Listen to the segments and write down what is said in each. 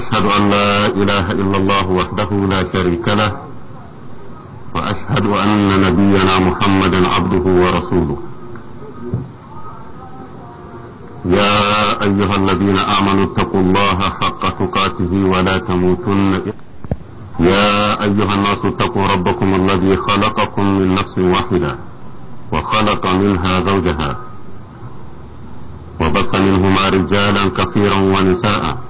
واشهد ان لا اله الا الله وحده لا شريك له واشهد ان نبينا محمدا عبده ورسوله يا ايها الذين امنوا اتقوا الله حق تقاته ولا تموتن يا ايها الناس اتقوا ربكم الذي خلقكم من نفس واحده وخلق منها زوجها وبث منهما رجالا كثيرا ونساء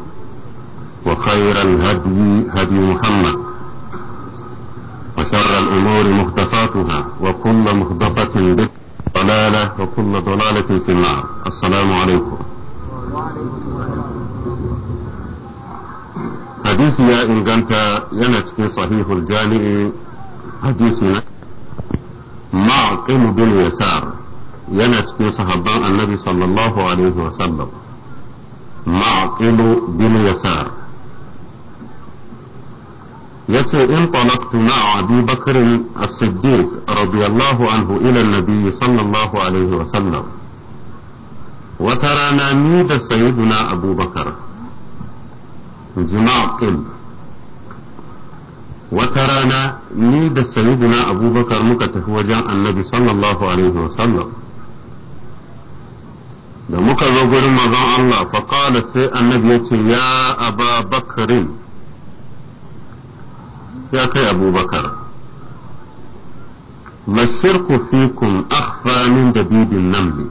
وخير الهدي هدي محمد وشر الأمور مختصاتها وكل مختصة بك ضلالة وكل ضلالة في النار السلام عليكم حديثي يا إن كنت ينت في صحيح الجامع حديثنا نعم. معقل باليسار ينت في صحابة النبي صلى الله عليه وسلم معقل باليسار yace in talaqtu na Abi Bakr a siddiq radiyallahu anhu ila an sallallahu alaihi wa sallam wata rana ni da sayyiduna Abu Bakar jima'ul wata rana ni da sayyiduna Abu Bakar muka tafi wajen annabi sallallahu alaihi wa sallam da muka zo wurin manzon Allah sai annabi yace ya Aba ya kai abubakar mashirku fikum da min dabibin ne.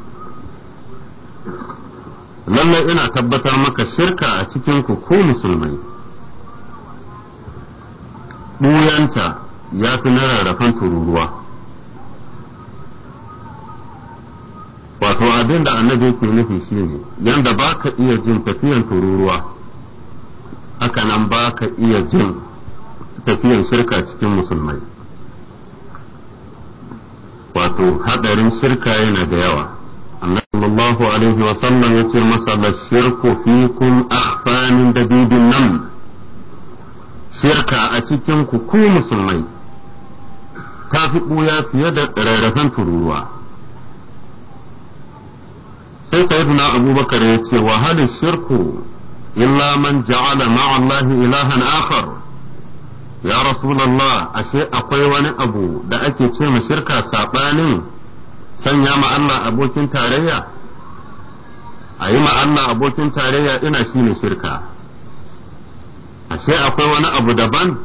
lallai ina tabbatar maka shirka a cikin ku ko musulmai Buyanta ya fi na rarrafan tururuwa wato abin da annabi yake nufi shi ne yadda ba ka iya jin tafiyan tururuwa haka nan ba ka iya jin tafiyan shirka cikin musulmai wato hadarin shirka yana da yawa annabi sallallahu alaihi wa sallam yace masa la shirku fikum ahfanin dabibin nan shirka a cikin ku ku musulmai ta fi buya fiye da rarrafen tururuwa sai sayyidina abubakar ya ce wa shirku illa man ja'ala ma'a ilahan akhar ya rasulallah ashe akwai wani abu da ake ce mu shirka saɓanin sanya ma Allah abokin tarayya a yi ma Allah abokin tarayya ina shi ne shirka ashe akwai wani abu daban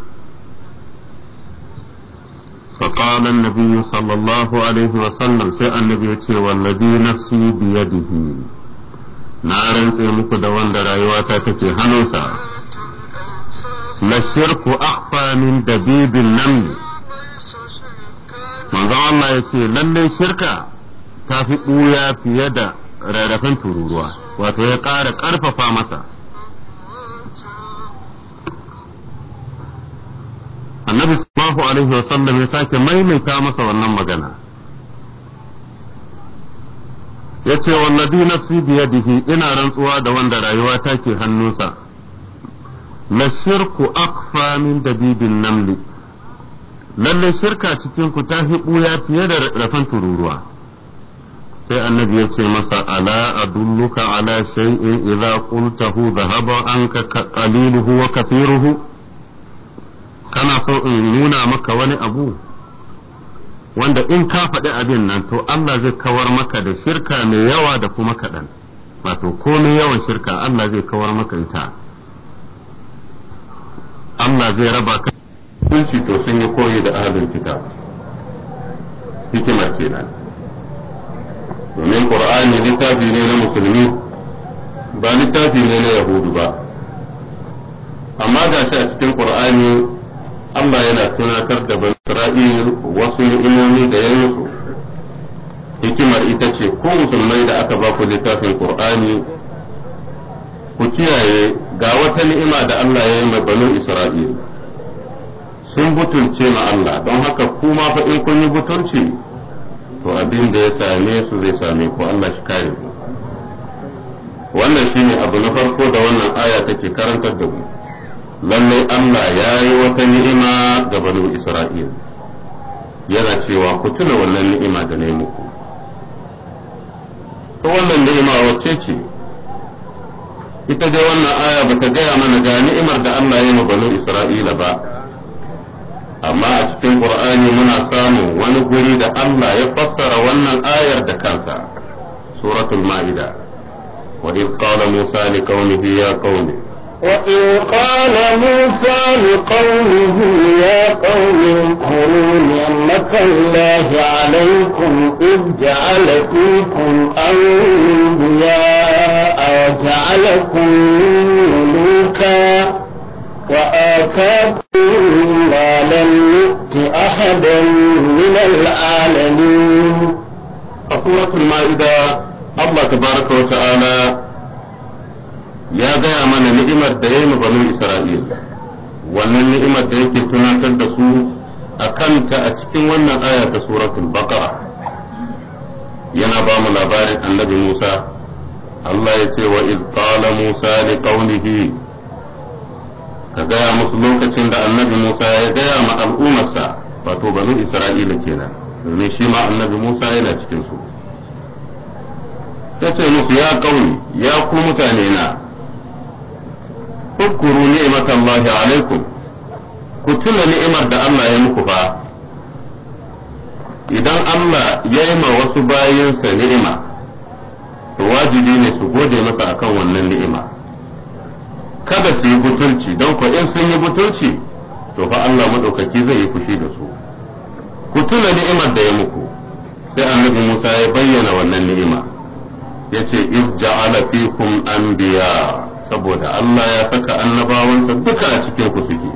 فقال النبي صلى الله عليه وسلم سي النبي والذي نفسي بيده muku سي wanda وان ta تكي هنوسا la shirku akhfa da bibin naml manzon Allah ya ce lallai shirka ta fi ɓuya fiye da rarrafin tururuwa wato ya ƙara ƙarfafa masa annabi sallallahu alaihi wasallam ya sake maimaita masa wannan magana ya ce wallazi nafsi biyadihi ina rantsuwa da wanda rayuwa ta ke hannunsa la shirku akfa min dabibin namli lalle shirka cikin ku ta fi ɓuya fiye da rafan tururuwa sai annabi ya ce masa ala adulluka ala shay'in idza qultahu dhahaba anka qaliluhu wa kathiruhu kana so in nuna maka wani abu wanda in ka faɗi abin nan to Allah zai kawar maka da shirka mai yawa da kuma kaɗan wato komai yawan shirka Allah zai kawar maka ita Allah zai raba ka kunci to sun yi koyi da ahlul kitab hikima kenan domin qur'ani littafi ne na musulmi ba littafi ne na yahudu ba amma ga shi a cikin qur'ani Allah yana tunatar da ban Isra'il wasu ni'imomi da ya su. hikimar ita ce ko musulmai da aka ba ku littafin qur'ani ku kiyaye ga wata ni'ima da Allah ya yi ma banu Isra'il sun butulce ma Allah don haka kuma fa in kun yi butulci to abin da ya same su zai same ku Allah shi kare ku wannan shine abu na farko da wannan aya take karantar da mu lallai Allah ya yi wata ni'ima ga banu Isra'il yana cewa ku tuna wannan ni'ima da ne muku to wannan ni'ima wacce ce ita dai wannan aya ba ta gaya mana ga ni'imar da Allah ya yi banu Isra'ila ba amma a cikin Qur'ani muna samu wani guri da Allah ya fassara wannan ayar da kansa suratul ma'ida wa idh qala musa qaumihi ya qaumi وإن قال موسى لقومه يا قوم اذكروا نعمة الله عليكم إذ جعل فيكم أنبياء وجعلكم ملوكا وآتاكم ما لم يؤت أحدا من العالمين. سورة المائدة الله تبارك وتعالى ya gaya mana ni'imar da ya yi banu Isra'il, wannan ni'imar da yake tunatar da su a kanta a cikin wannan aya ta suratul baqara yana ba mu labarin annabi Musa, Allah ya ce wa qala Musa li qaumihi ka gaya musu lokacin da annabi Musa ya gaya ma al'ummarsa wato banu Isra'ila kenan, domin shi ma annabi Musa yana cikin su. ta ce musu ya kauni ya ku mutane na ukuru نعمة alaikum ku tuna ni'imar da Allah ya muku fa idan Allah ya yi ma wasu bayansa ni'ima to wajibi ne su gode masa akan wannan ni'ima kada su yi butulci don ko in sun yi butulci to fa Allah madaukaki zai yi fushi da su ku tuna ni'imar da ya muku sai annabi Musa ya bayyana wannan ni'ima yace iz ja'ala fikum anbiya saboda Allah ya saka annabawansa duka a cikin ku suke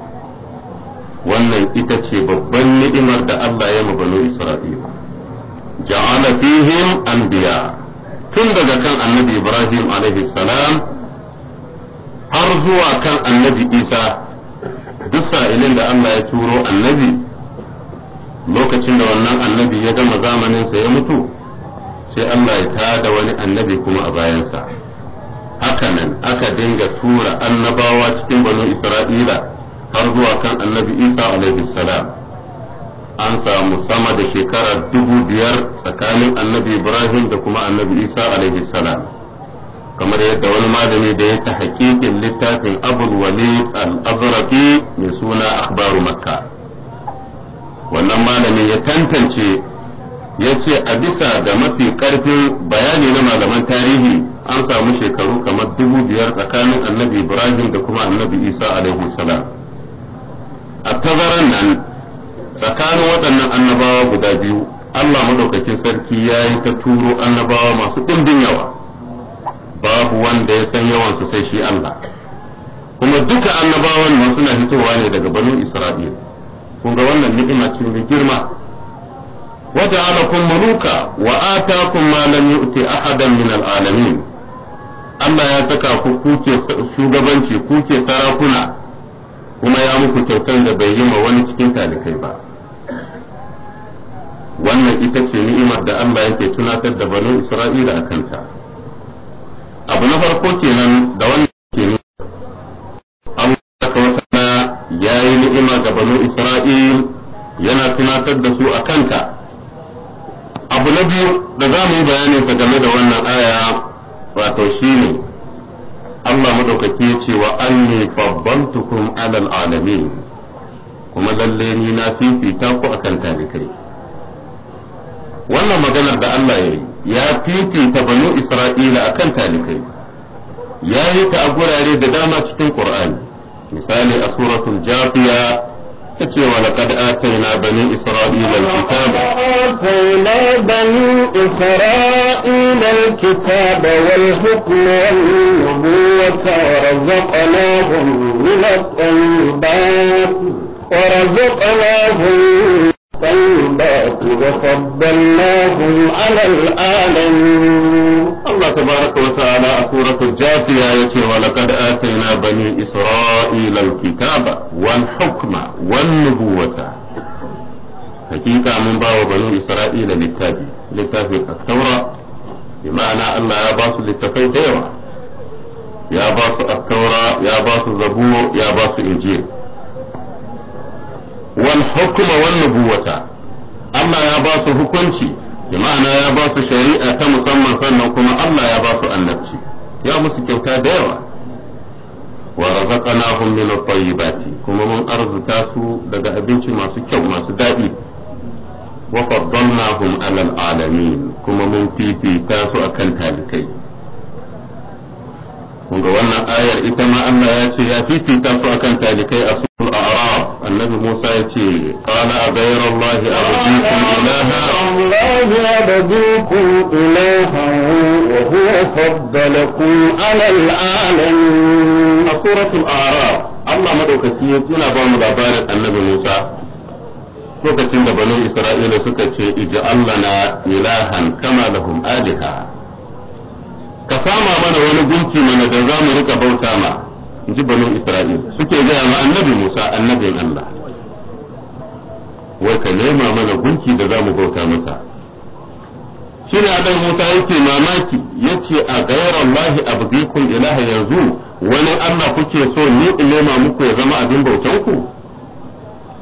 wannan ita ce babban ni'imar da Allah ya mabano Isra'ila ja'ala fihim anbiya tun daga kan annabi Ibrahim alaihi salam har zuwa kan annabi Isa duk sa'ilin da Allah ya turo annabi lokacin da wannan annabi ya gama zamaninsa ya mutu sai Allah ya tada wani annabi kuma a bayansa haka nan aka dinga tura annabawa cikin banu isra'ila har zuwa kan annabi isa alaihi salam an samu sama da shekara dubu biyar tsakanin annabi ibrahim da kuma annabi isa alaihi salam kamar yadda wani malami da ya ta hakikin littafin abul walid al-azraqi mai suna akhbaru makka wannan malami ya tantance ya ce a bisa da mafi karfin bayani na malaman tarihi an samu shekaru kamar dubu biyar tsakanin annabi ibrahim da kuma annabi isa alaihi salam a tazaran nan tsakanin waɗannan annabawa guda biyu allah maɗaukakin sarki ya yi ta turo annabawa masu ɗimbin yawa babu wanda ya san yawan su sai shi allah kuma duka annabawan nan suna hitowa ne daga banu isra'il kun ga wannan ni'ima ce mai girma وجعلكم ملوكا وآتاكم ما لم يؤت أحدا من العالمين Allah ya saka ku kuke shugabanci kuke sarakuna kuma ya muku kyautar da bai yi ma wani cikin talikai ba wannan ita ce ni'imar da Allah yake tunatar da banu Isra'ila a kanta abu na farko kenan da wannan ke ne an saka wata ya yi ni'ima ga banu Isra'il yana tunatar da su a kanta abu na biyu da za mu yi bayaninsa game da wannan aya wato shine Allah madaukaki ya ce wa anni fabbantukum alal alamin kuma lalle ni na fifita ku akan talikai wannan maganar da Allah ya yi ya fifita banu Isra'ila akan talikai ya yi ta a gurare da dama cikin Ƙur'ani, misali a suratul Jafiya take ولقد آتينا بني إسرائيل الكتاب آتينا بني إسرائيل الكتاب والحكم والنبوة ورزقناهم من الطيبات ورزقناهم الطيبات وفضلناهم على العالمين الله تبارك وتعالى سورة الجاثية يتي ولقد آتينا بني إسرائيل الكتاب والحكم والنبوة حقيقة من باو بني إسرائيل للتابي للتابي التوراة بمعنى الله يباس للتفي ديوة يباس التوراة يباس الزبور يباس إنجيل wal hukma wan nubuwata Allah ya ba su hukunci da ma'ana ya ba su shari'a ta musamman sannan kuma Allah ya ba su annabci ya musu kyauta da yawa wa razaqnahum min at-tayyibati kuma mun arzuka su daga abinci masu kyau masu daɗi wa faddalnahum 'ala al-alamin kuma mun fifita su akan talikai kun ga wannan ayar ita ma Allah ya ce ya fifita su akan talikai a suratul annabi Musa ya ce qala a ghayra Allah abdukum ilaha Allah abdukum ilaha wa huwa faddalakum ku al-alamin a suratul arab Allah madaukaki yana ba mu labarin annabi Musa lokacin da banin Isra'ila suka ce ij'alna ilahan kama lahum aliha ka sama mana wani gunki mana da za mu rika bauta ma in ji banu isra'il suke gaya ma annabi musa annabin allah wai ka nema mana gunki da za mu bauta masa ne adam musa yake mamaki yace a gairar a abdikum ilaha yanzu wani allah kuke so ni in nema muku ya zama abin bautan ku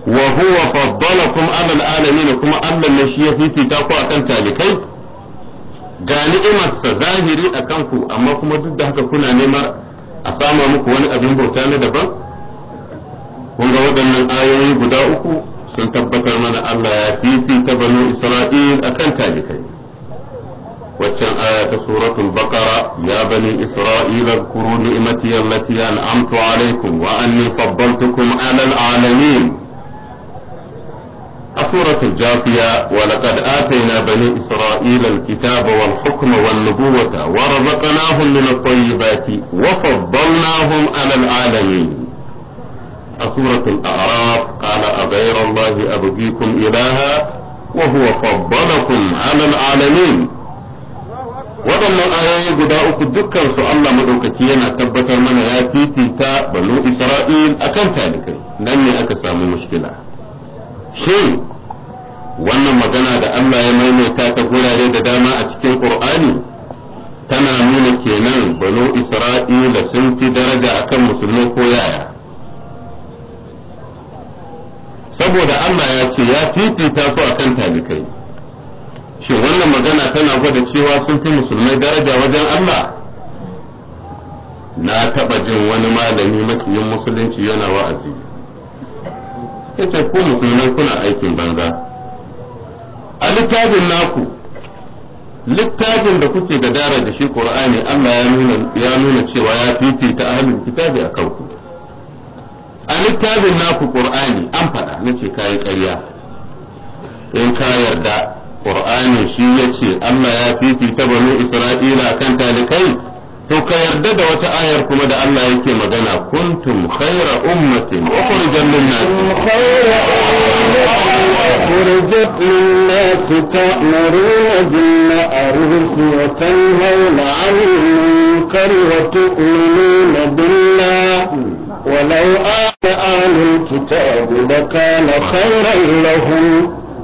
wa huwa faddalakum ala alamin kuma allah ne shi ya fifita ku akan talikai ga ni'imarsa zahiri a kanku amma kuma duk da haka kuna nema a sama muku wani abin bauta na daban kun ga waɗannan ayoyi guda uku sun tabbatar mana Allah ya ta banu Isra'il a kan talibai waccan aya ta suratul baqara ya bani isra'ila اذكروا نعمتي التي انعمت عليكم واني فضلتكم 'alal 'alamin السورة الجاثية ولقد آتينا بني إسرائيل الكتاب والحكم والنبوة ورزقناهم من الطيبات وفضلناهم على العالمين سورة الأعراف قال أغير الله أبغيكم إلها وهو فضلكم على العالمين waɗannan ayoyi guda uku dukkan su Allah madaukaki yana tabbatar mana ya fifita banu Isra'il akan talikai nan ne aka samu mushkila shin wannan magana da Allah ya maimaita ta gurare da dama a cikin Qur'ani tana nuna kenan banu Isra'ila sun fi daraja akan musulmi ko yaya saboda Allah ya ce ya fifita su akan talikai shin wannan magana tana gwada cewa sun fi musulmai daraja wajen Allah na taɓa jin wani malami makiyin musulunci yana wa'azi yace ko musulmai kuna aikin banza a littafin naku littafin da kuke da dara da shi qur'ani Allah ya nuna ya nuna cewa ya fifita ahlul kitabi akan ku a littafin naku qur'ani an faɗa nace kai ƙarya in ka yarda qur'ani shi yace Allah ya fifita banu isra'ila kan talikai to ka yarda da wata ayar kuma da Allah yake magana kuntum khayra ummatin ukhrijat lin-nas khayra ukhrijat lin-nas ta'muruna bil-ma'ruf wa tanhawna 'anil munkar wa tu'minuna billah ولو آمن أهل الكتاب لكان خيرا لهم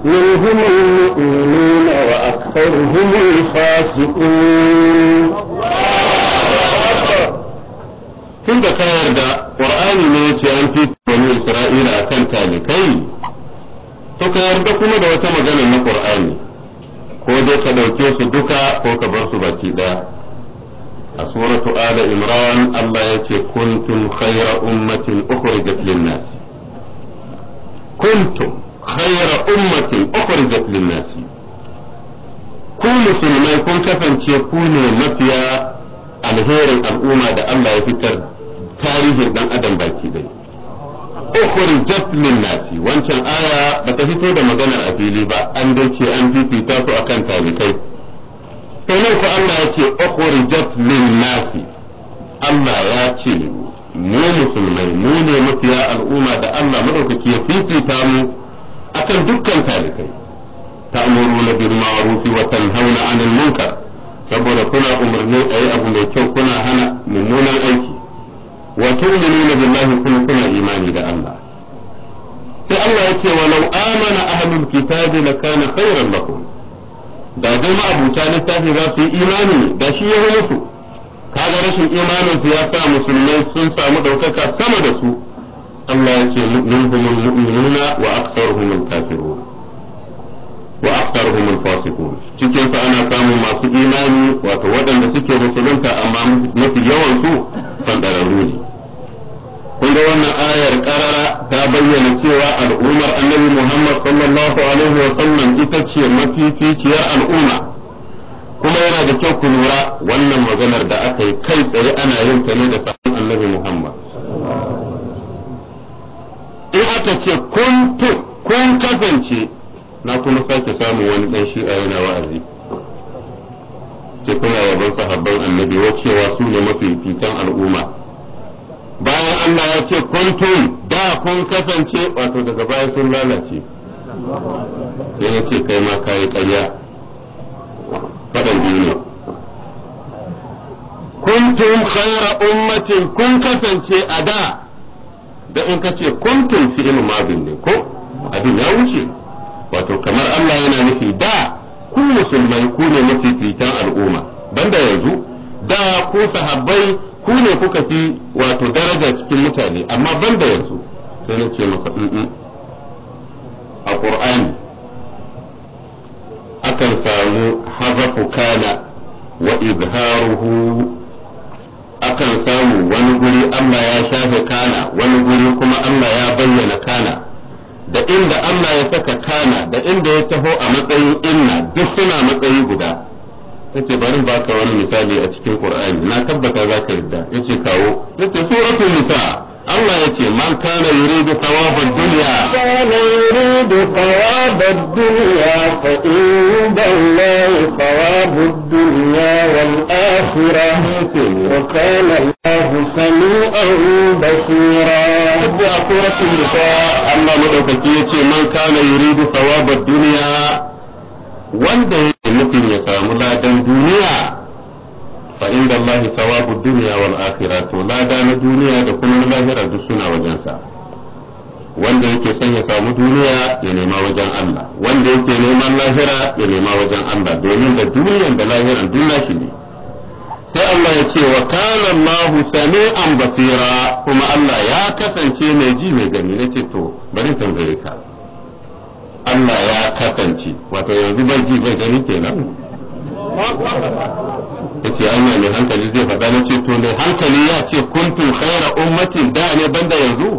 منهم المؤمنون وأكثرهم الفاسقون tun da ka yarda qur'ani ne yace an fi bani isra'ila akan talikai to ka yarda kuma da wata magana na qur'ani ko dai ka dauke su duka ko ka bar su baki ɗaya. a suratu ala imran Allah yace kuntum khayra ummatin ukhrijat lin-nas kuntum khayra ummatin ukhrijat lin-nas ku musulmai kun kasance ku ne mafiya alherin al'umma da Allah ya fitar tarihin dan adam baki dai ukhrijat min nasi wancan aya bata fito da maganar a fili ba an dai ce an fifita su akan talibai to ne ko Allah ya ce ukhrijat min nasi Allah ya ce mu musulmai mu ne mafiya al'umma da Allah madaukaki ya fifita mu akan dukkan talibai ta'muruna bil ma'ruf wa tanhauna 'anil munkar saboda kuna umarni a yi abu mai kyau kuna hana mummunan aiki wa tu'minuna billahi kuma kuna imani da Allah sai Allah ya ce wa walau amana ahlul kitabi lakana khairan lakum da dai ma'abuta littafi za su yi imani da shi ya musu kaga rashin imanin su ya sa musulmai sun samu daukaka sama da su Allah ya ce mu'minuna wa aktsaruhumul kafirun wa aktaruhum alfasiqun cikin ana samun masu imani wato waɗanda suke musulunta amma mafi yawan su fandararru ne kun ga wannan ayar karara ta bayyana cewa al'ummar annabi Muhammad sallallahu alaihi wa sallam ita ce mafificiyar al'umma kuma yana da kyau ku lura wannan maganar da aka yi kai tsaye ana yin ta ne da sabon annabi Muhammad in aka ce kun kun kasance na kuma sake samun wani dan shi'a yana wa'azi ke kuna yaban sahabban annabi wacewa su ne mafi fitan al'umma bayan Allah ya ce kuntum da kun kasance wato daga baya sun lalace sai ya ce kai ma kayi ƙarya faɗan biyu kuntum khaira ummatin kun kasance a da da in ka ce kuntum fi madin ne ko abin ya wuce wato kamar Allah yana nufi da ku musulmai ku ne mafificin al'umma banda yanzu da ku sahabbai ku ne kuka fi wato daraja cikin mutane amma banda yanzu sai na ce masa a ƙur'ani akan samu hazafu kana wa izharuhu akan samu wani guri Allah ya shafe kana wani guri kuma Allah ya bayyana kana da inda Allah ya saka kana da inda ya taho a matsayin inna duk suna matsayi guda yace bari ka wani misali a cikin Qur'ani na tabbata zaka yarda yace kawo yace suratul nisa Allah ya ce man kana yuridu thawabad dunya kana yuridu thawabad dunya fa inda Allah thawabud dunya wal akhirah wa kana Allah sami'an basira Abu akwati nisa Allah madaukaki yace man kana yuridu thawabad wanda yake nufin ya samu Allah sawabu dunya wal akhirah to lada na duniya da kuma na lahira duk suna wajensa wanda yake son ya samu duniya ya nema wajen Allah wanda yake neman lahira ya nema wajen Allah domin da duniyan da lahiran duk nashi ne sai Allah ya ce wa kana Allahu sami'an basira kuma Allah ya kasance mai ji mai gani nace to bari tambaye ka Allah ya kasance wato yanzu bai ji bai gani kenan yace anya mai hankali zai faɗa na ce to mai hankali ya ce kuntun khaira ummatin da ne banda yanzu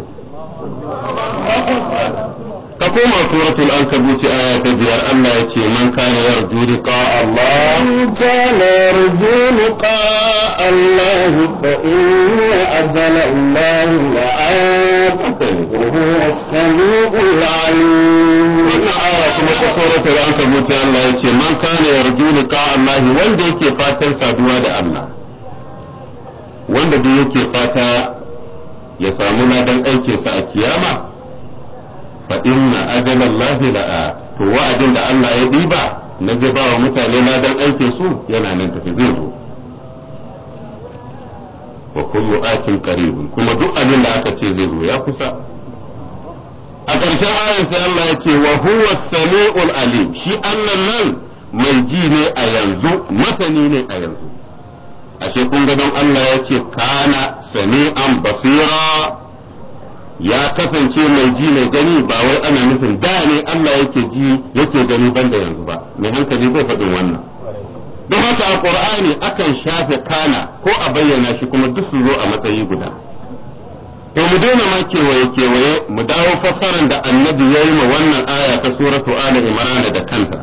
ka koma suratul ankabut aya ta biyar Allah ce man kana yarju liqa Allah kana yarju liqa Allah fa inna azala. Allah la'at wa as 'alim kuma kokoro ta ranka mutu Allah ya ce man kana yarju liqa Allah wanda yake fatan saduwa da Allah wanda duk yake fata ya samu ladan aikinsa a kiyama fa inna ajala Allah la'a to wa'adin da Allah ya diba na ba wa mutane ladan aikin su yana nan tafi zai zo wa kullu atin qaribun kuma duk abin da aka ce zai zo ya kusa a ƙarshen ayan sai Allah ya ce wa huwa sami'ul alim shi Allah nan mai ji ne a yanzu masani ne a yanzu ashe kun ga don Allah ya ce kana sami'an basira ya kasance mai ji mai gani ba wai ana nufin da ne Allah yake ji yake gani banda yanzu ba mai hankali zai faɗin wannan don haka a ƙur'ani akan shafe kana ko a bayyana shi kuma duk su zo a matsayi guda to mu daina ma kewaye kewaye mu dawo fassarar da annabi ya yi ma wannan aya ta suratu ali imran da kanta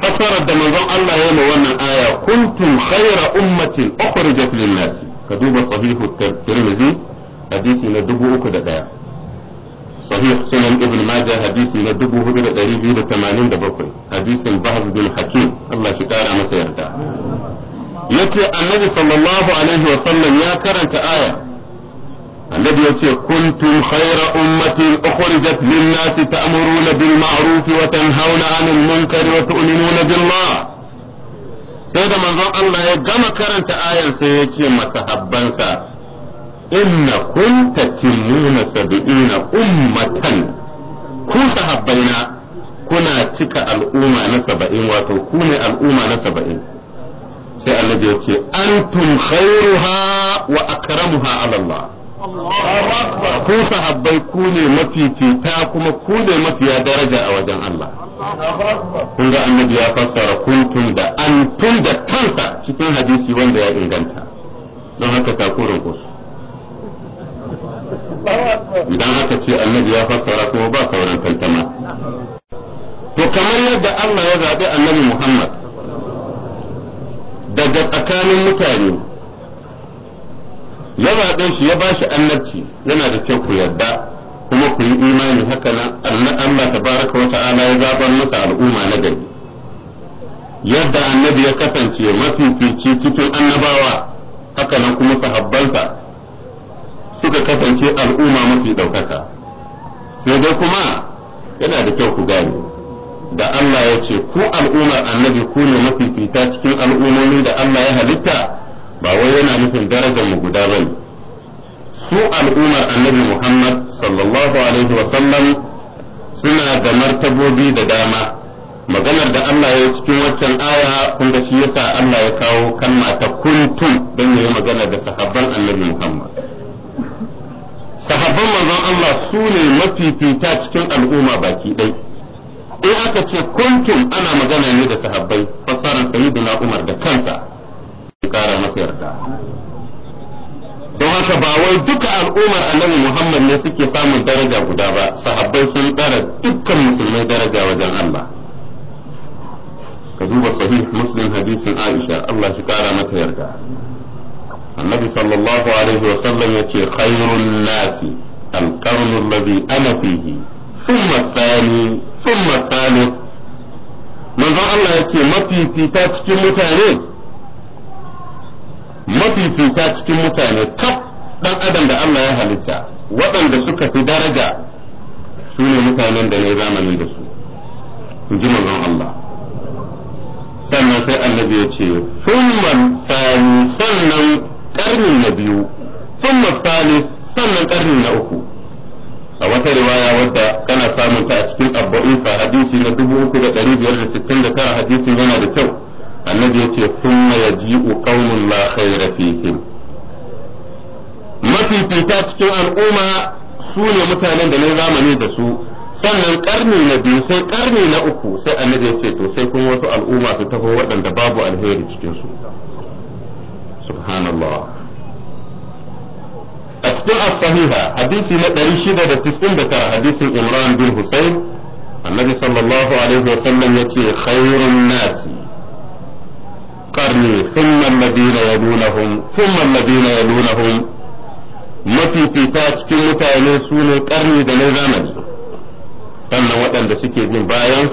fassarar da manzon Allah ya yi ma wannan aya kuntum khayra ummatin ukhrijat lin-nas ka duba sahihu tirmidhi hadisi na 3001 sahih sunan ibn majah hadisi na 4287 hadisin bahz bin hakim Allah shi kara masa yarda yace annabi sallallahu alaihi wa sallam ya karanta aya الذي يقول كنتم خير أمة أخرجت للناس تأمرون بالمعروف وتنهون عن المنكر وتؤمنون بالله sai da manzon Allah ya gama karanta ayan sai ya ce masahabbansa inna kun tatimuna sab'ina ummatan ku sahabbaina kuna cika al'umma na saba'in wato ku al'umma na saba'in sai Allah ya ce antum khairuha wa akramuha ala Allah ku sahabbai ku ne cuta kuma ku ne ya daraja a wajen Allah kun ga annabi ya fassara kuntum da antum da kansa cikin hadisi wanda ya inganta don haka takurin ku idan haka ce annabi ya fassara kuma ba sauran tantama to kamar yadda Allah ya zaɓi annabi Muhammad daga tsakanin mutane ya zaɓe shi ya bashi annabci yana da kyau ku yarda kuma ku yi imani haka nan Allah tabaraka wa ta'ala ya zabar masa al'umma na gari yadda annabi ya kasance mafifici cikin annabawa haka nan kuma sahabbansa suka kasance al'umma mafi ɗaukaka sai dai kuma yana da kyau ku gane da Allah ya ce ku al'ummar annabi ku ne mafifita cikin al'ummomi da Allah ya halitta ba wai yana nufin darajar mu guda bane su al'ummar annabi Muhammad sallallahu alaihi wa sallam suna da martabobi da dama maganar da Allah ya cikin waccan aya kuma shi yasa Allah ya kawo kalma ta kuntum don yayi magana da sahabban annabi Muhammad sahabban manzon Allah su ne mafifita cikin al'umma baki ɗaya. in aka ce kuntum ana magana ne da sahabbai fassarar sayyidina Umar da kansa kara masa yarda don haka ba wai duka al'ummar annabi Muhammad ne suke samun daraja guda ba sahabbai sun tsara dukkan musulmai daraja wajen Allah ka duba sahih muslim hadisin Aisha Allah shi kara mata yarda annabi sallallahu alaihi wa sallam yace khairun nasi القرن الذي أنا فيه ثم الثاني ثم الثالث manzon Allah ya ce mafifi ta cikin mutane mafifita cikin mutane kaf dan adam da Allah ya halitta waɗanda suka fi daraja su ne mutanen da ne zamanin da su in ji manzon Allah sannan sai annabi ya ce thumma thani sannan karni na biyu thumma thani sannan karni na uku a wata riwaya wadda kana samun ta a cikin abba'in hadisi na 3569 hadisin yana da kyau annabi yace thumma yaji'u qaumun la khayra fihim mafifita cikin al'umma su ne mutanen da ne zamani da su sannan karni na biyu sai karni na uku sai annabi ya ce to sai kuma wasu al'umma su taho waɗanda babu alheri cikin su subhanallah a cikin as-sahiha hadisi na 699 hadisin Imran bin Husayn annabi sallallahu alaihi wa sallam yace khairun nasi قرني ثم الذين يلونهم ثم الذين يلونهم mafifita cikin mutane su ne karni da na zamani sannan waɗanda suke bin bayan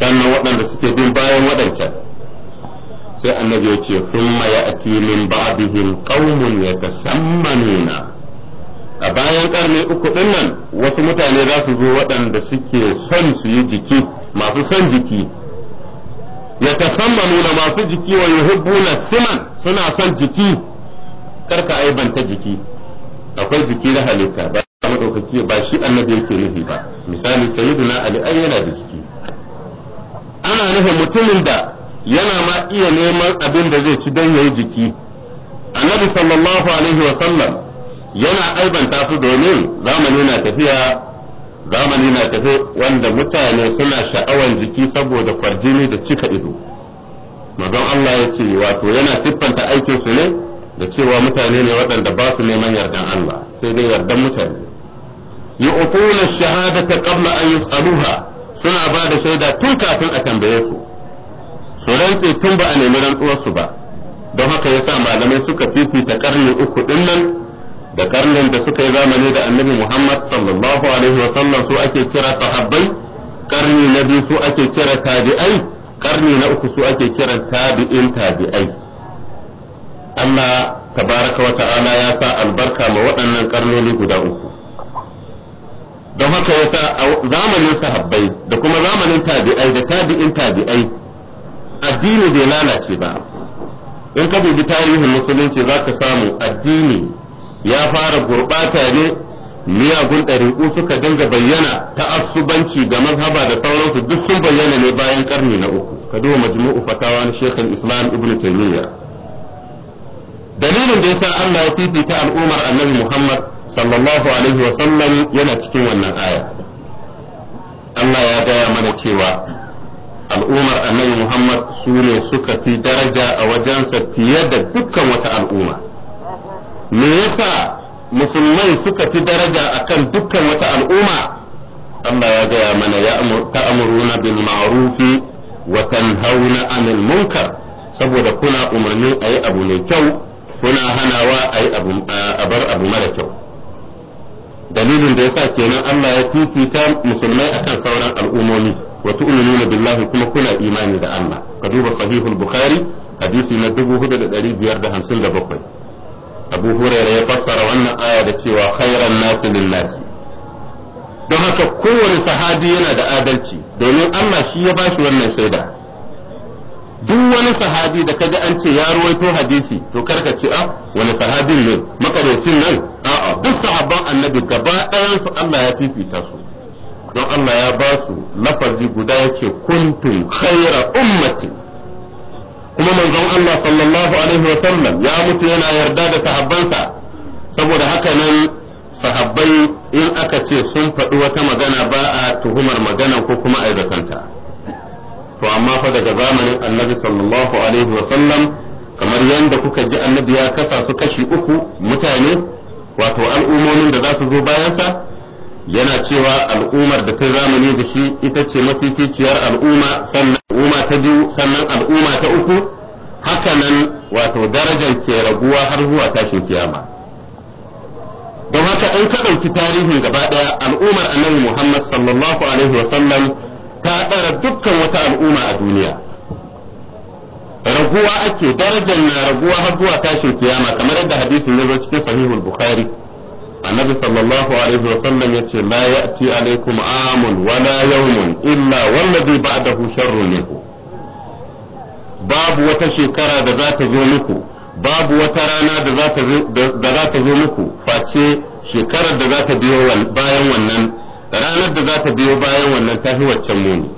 sannan waɗanda suke bin bayan waɗancan sai annabi ya ce thumma ya'ti min ba'dihim qaumun yatasammanuna a bayan ƙarni uku ɗin nan wasu mutane za su zo waɗanda suke son su yi jiki masu son jiki Ya yatasammanuna masu jiki wa na siman suna son jiki karka aibanta jiki akwai jiki na halitta ba ba shi annabi yake nufi ba misali sayyiduna na ai yana da jiki ana nufin mutumin da yana ma iya neman abin da zai ci don yayi jiki annabi sallallahu alaihi wa sallam yana aibanta su domin zamani na tafiya zamani na tafe wanda mutane suna sha'awar jiki saboda kwarjini da cika ido mazan Allah ya ce wato yana siffanta aikin su ne da cewa mutane ne waɗanda ba su neman yardan Allah sai dai yardan mutane Yi shahada ta qabla an yi tsaruha suna ba da shaida tun kafin a tambaye su su rantse tun ba a nemi rantsuwar su ba don haka yasa malamai suka fifita karni uku din nan da karnin da suka yi zamani da annabi Muhammad sallallahu alaihi wa sallam su ake kira sahabbai karni na biyu su ake kira tabi'ai karni na uku su ake kira tabi'in tabi'ai Allah tabaraka wa ta'ala ya sa albarka ma waɗannan karnoni guda uku don haka yasa a zamanin sahabbai da kuma zamanin tabi'ai da tabi'in tabi'ai addini bai lalace ba in ka dubi tarihin musulunci za ka samu addini ya fara gurɓata ne miyagun ɗariƙu suka dinga bayyana ta asubanci ga mazhaba da sauransu duk sun bayyana ne bayan ƙarni na uku ka duba majmu'u fatawa na islam ibn taimiyya dalilin da ya sa Allah ya fifita al'ummar annabi Muhammad sallallahu alaihi wa sallam yana cikin wannan aya Allah ya gaya mana cewa al'ummar annabi Muhammad su ne suka fi daraja a wajensa fiye da dukkan wata al'umma me yasa musulmai suka fi daraja akan dukkan wata al'umma Allah ya gaya mana ya ta'muruna bil ma'rufi wa tanhauna 'anil munkar saboda kuna umarnin ayi abu mai kyau kuna hanawa ayi abu abar abu mara kyau dalilin da yasa kenan Allah ya fifita musulmai akan sauran al'ummomi wa tu'minuna billahi kuma kuna imani da Allah ka duba sahihul bukhari hadisi na 4557 abu huraira ya fassara wannan aya da cewa khairan nasu lin nasi don haka kowane sahabi yana da adalci domin Allah shi ya bashi wannan shaida duk wani sahabi da kaji an ce ya ruwaito hadisi to karka ce a ah, wani sahabin ne makarocin nan a'a duk sahabban annabi gaba ɗayan su Allah ya fifita su don Allah ya ba su lafazi guda yake kuntum khaira ummati kuma manzon Allah sallallahu alaihi wa sallam ya mutu yana yarda da sahabbansa saboda haka nan sahabbai in aka ce sun faɗi wata magana ba a tuhumar magana ko kuma aibatanta to amma fa daga zamanin annabi sallallahu alaihi wa sallam kamar yadda kuka ji annabi ya kasa su kashi uku mutane wato al'umomin da za su zo bayansa yana cewa al'ummar da ta zamani da shi ita ce mafificiyar al'umma sannan al'umma ta biyu sannan al'umma ta uku nan wato darajar ke raguwa har zuwa tashin kiyama don haka in ka ɗauki tarihin gaba ɗaya al'ummar annabi muhammad sallallahu alaihi wa sallam ta ɗara dukkan wata al'umma a duniya raguwa ake darajar na raguwa har zuwa tashin kiyama kamar yadda hadisin ya zo cikin sahihul bukhari annabi sallallahu alaihi wa sallam yace la ya'ti alaikum amun wa la yawmun illa wallazi zai ba a da za ta zo muku babu wata rana da za ta zo muku face shekarar da za ta biyo bayan wannan ranar da za ta biyo bayan wannan fi waccan muni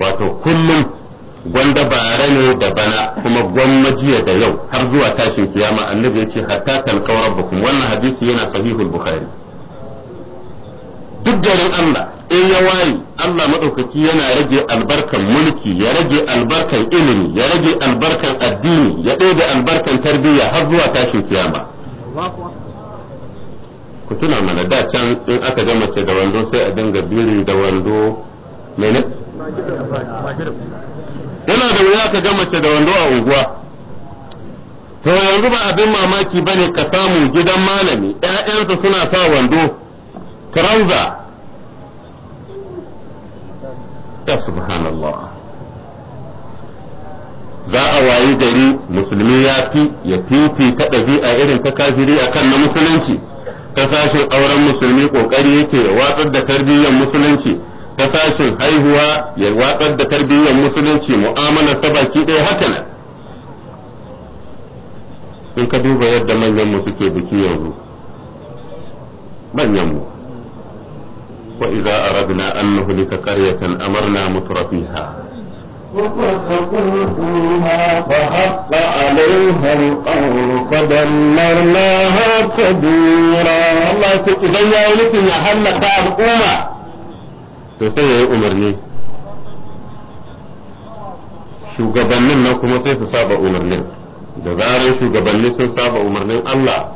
wato kullum gwanda bara ne da bana kuma gwamma jiya da yau har zuwa tashin kiyama annabi ya ce hatta kawar rabbakum wannan hadisi yana sahihul bukhari duk garin Allah in ya waye Allah madaukaki yana rage albarkan mulki ya rage albarkan ilimi ya rage albarkan addini ya ɗebe albarkan tarbiyya har zuwa tashin kiyama ku tuna mana da can in aka ga mace da wando sai a dinga biri da wando mene yana da wuya ka ga mace da wando a unguwa to yanzu ba abin mamaki ba ne ka samu gidan malami ‘ya'yansa suna sa wando trauza ya subhanallah za a wayi gari musulmi ya fi ya fifi ta a irin ta kafiri a kan na musulunci ta sashen auren musulmi ƙoƙari yake watsar da tarbiyyar musulunci ta tashin haihuwa ya watsar da tarbiyyar musulunci mu'amalar ta baki ɗaya haka nan in ka duba yadda manyanmu suke biki yanzu manyanmu wa iza aradna an nuhlika qaryatan amarna mutrafiha فحق عليها القول فدمرناها تدميرا الله يقول يا ولد يا حلقة الأمة to sai ya yi umarni shugabannin nan kuma sai su saba umarnin da zarar shugabanni sun saba umarnin Allah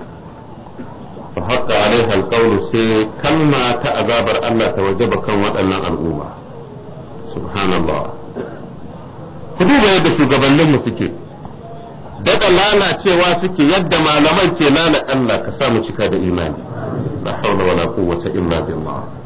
fa haƙa alaiha alƙawlu sai kalma ta azabar Allah ta wajaba kan waɗannan al'umma subhanallah ku duba yadda shugabannin mu suke daga lalacewa suke yadda malaman ke lalace Allah ka samu cika da imani la haula wala quwwata illa billah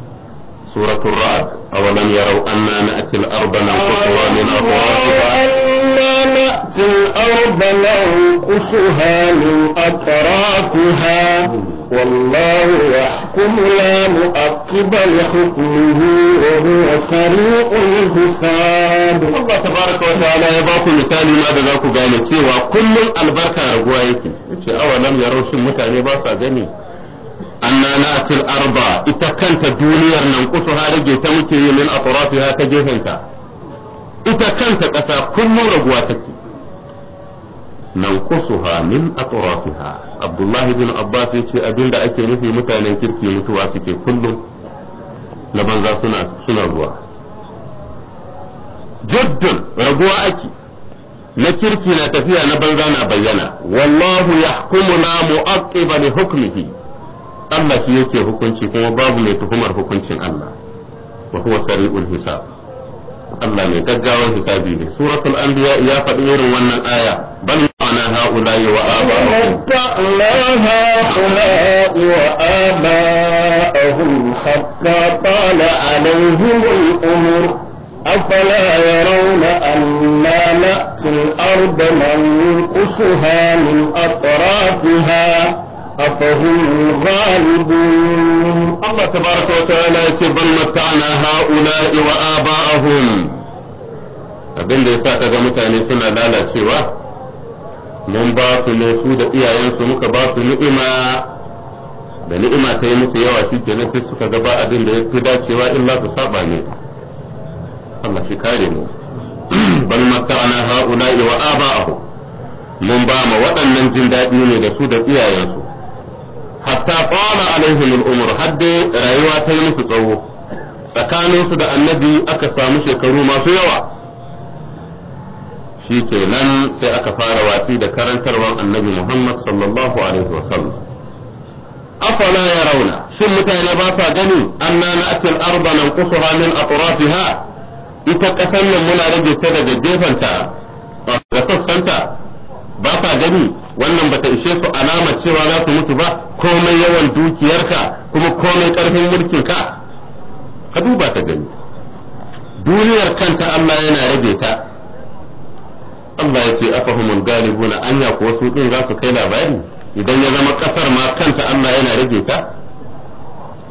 سورة الرعد أولم يروا أنا نأتي الأرض ننقصها من أطرافها أنا نأتي الأرض ننقصها من أطرافها والله يحكم لا مؤقب لحكمه وهو سريع الحساب الله تبارك وتعالى يباكم مثال ماذا ذاك قال وكل البركة albarka أولم يروا شمتاني awalam جميل anna natil arba ita kanta duniyar nan kusa ha rage ta muke yi min atrafiha ta gefenta ita kanta ƙasa kullum raguwa take nan ha min atrafiha abdullahi bin abbas yace abinda ake nufi mutanen kirki mutuwa suke kullum na banza suna suna ruwa jaddun raguwa ake na kirki na tafiya na banza na bayyana wallahu yahkumuna mu'aqqiba li hukmihi Allah shi yake hukunci kuma babu mai tuhumar hukuncin Allah wa huwa sari'ul hisab Allah mai gaggawar hisabi ne suratul anbiya ya faɗi irin wannan aya bal ma'ana haula wa aba'ahum wa aba hatta tala alaihim al-umur أفلا يرون أنا نأتي الأرض ننقصها من أطرافها أفهم الغالبون الله تبارك وتعالى بل متعنا هؤلاء وآباءهم abin da ya sa kaga mutane suna lalacewa mun ba su ne su da iyayensu muka ba su ni'ima da ni'ima ta yi musu yawa shi kenan sai suka gaba abin da ya fi dacewa illa su saba ne Allah shi kare mu bal mata'ana ha'ula'i wa aba'ahu mun ba ma waɗannan jin daɗi ne da su da iyayensu hatta qala alaihim al-umr hadda rayuwa ta yi musu tsawo tsakaninsu da annabi aka samu shekaru masu yawa shi nan sai aka fara watsi da karantarwar annabi Muhammad sallallahu alaihi wasallam afala ya rauna shin mutane ba sa gani anna na'til arda a min atrafiha ita kasan nan muna rage ta daga gefanta sassanta ba sa gani wannan bata ishe su alama cewa za ku mutu ba komai yawan dukiyarka kuma komai karfin mulkin ka ka duba ka gani duniyar kanta Allah yana rage ta Allah ya ce afahumul galibuna anya ko su din za su kai labari idan ya zama kasar ma kanta Allah yana rage ta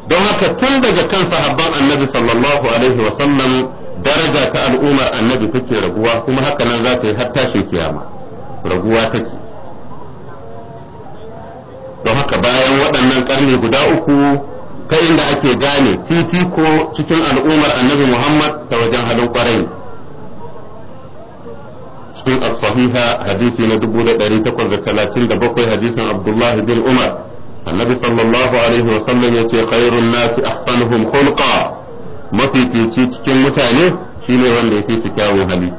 don haka tun daga kan sahabban annabi sallallahu alaihi wa sallam daraja ta al'ummar annabi take raguwa kuma haka nan za ta yi har tashin kiyama raguwa take don haka bayan waɗannan ƙarni guda uku ta inda ake gane fifiko cikin al'ummar annabi muhammad ta wajen halin ƙwarai cikin as-sahiha hadisi na 1837 hadisin abdullah bin umar annabi sallallahu ya ce kairun nasi ahsanuhum khulqa mafifici cikin mutane shine wanda ya fi su kyawun hali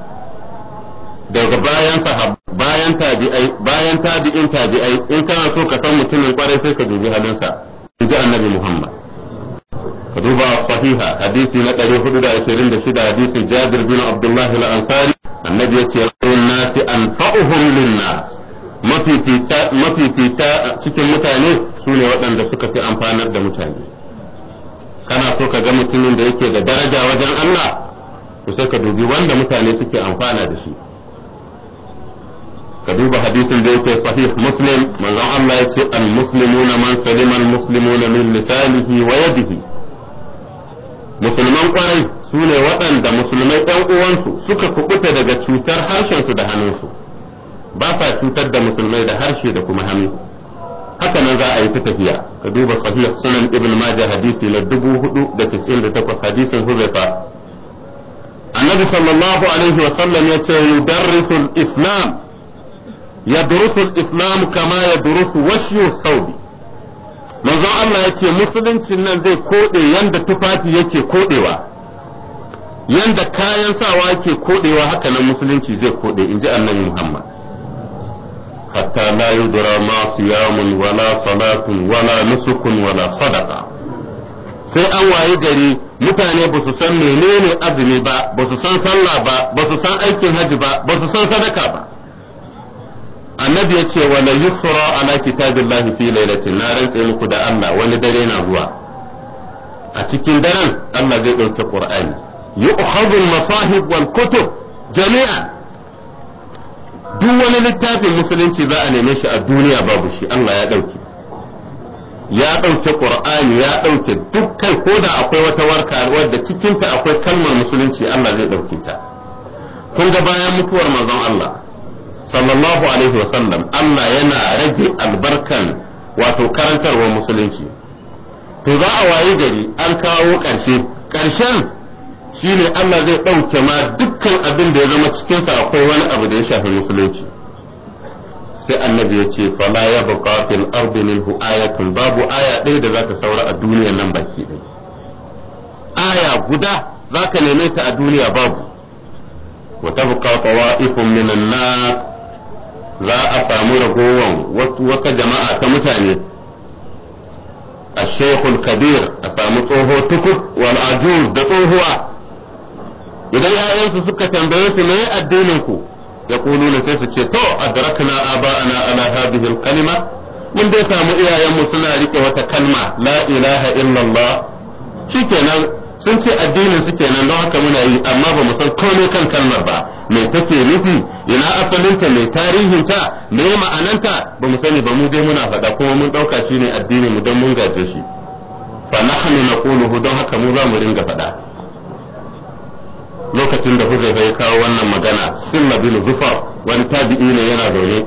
daga bayan sahab bayan tabi'ai bayan tabi'in tabi'ai in kana so ka san mutumin kwarai sai ka dubi halinsa in ji annabi Muhammad ka duba sahiha hadisi na 426 hadisi Jabir bin Abdullah al-Ansari annabi yace rayuwar nasi anfa'uhum lin-nas mafifita mafifita cikin mutane sune waɗanda suka fi amfanar da mutane kana so ka ga mutumin da yake da daraja wajen Allah to sai ka dubi wanda mutane suke amfana da shi ka duba hadisin da yake sahih muslim manzon Allah kwarai su waɗanda musulmai ɗan uwansu suka kubuta daga cutar harshensu da hannunsu ba sa cutar da musulmai da harshe da kuma hannu haka nan za a yi ta tafiya ka duba sahih sunan ibn majah hadisi na 498 hadisin huzaifa annabi sallallahu alaihi wa sallam ya ce islam يدرس الإسلام كما يدرس وشي saubi manzo Allah yake musuluncin nan zai kode yanda tufafi yake kodewa yanda kayan sawa yake kodewa haka nan musulunci zai kode inji annabi Muhammad hatta la yudra ma siyamun wala salatun wala nusukun wala sadaqa sai an waye gari mutane ba su san menene azumi ba ba su san sallah ba ba su san aikin haji ba ba su san sadaka ba annabi ya ce wala yusra ala kitabillahi fi lailatin na rantse muku da Allah wani dare na zuwa a cikin daren Allah zai ɗauke Qur'ani yu'khadhu al-masahib wal kutub jami'a duk wani littafin musulunci za a neme shi a duniya babu shi Allah ya ɗauke ya ɗauke Qur'ani ya ɗauke dukkan koda akwai wata warka wadda cikinta akwai kalmar musulunci Allah zai ɗauke ta kun ga bayan mutuwar manzon Allah sallallahu alaihi wasallam Allah yana rage albarkan wato karantarwa musulunci to za a waye gari an kawo ƙarshe ƙarshen shine Allah zai ɗauke ma dukkan abin da ya zama cikinsa akwai wani abu da ya shafi musulunci sai annabi ya ce fala ya buƙa fil ardi minhu ayatun babu aya ɗaya da zaka saura a duniyar nan baki ɗaya aya guda zaka neme ta a duniya babu wa tabqa tawa'ifun minan nas za a samu ragowan wata jama'a ta mutane a shekul kabir a samu tsoho tukur wal ajuz da tsohuwa idan ‘ya'yansu suka tambaye su me addinin ku ya kuluna sai su ce to a aba'ana ala hadhihi kalima mun dai samu iyayenmu suna riƙe wata kalma la ilaha illallah kenan. sun ce addinin su kenan don haka muna yi amma ba mu san komai kan kalmar ba me take nufi ina asalinta me tarihinta me ma'ananta ba mu sani ba mu dai muna faɗa kuma mun ɗauka shi ne addinin mu don mun gaje shi fa na naquluhu don haka mu za mu ringa faɗa lokacin da Huzaifa ya kawo wannan magana Simma bin Zufar wani tabi'i ne yana zaune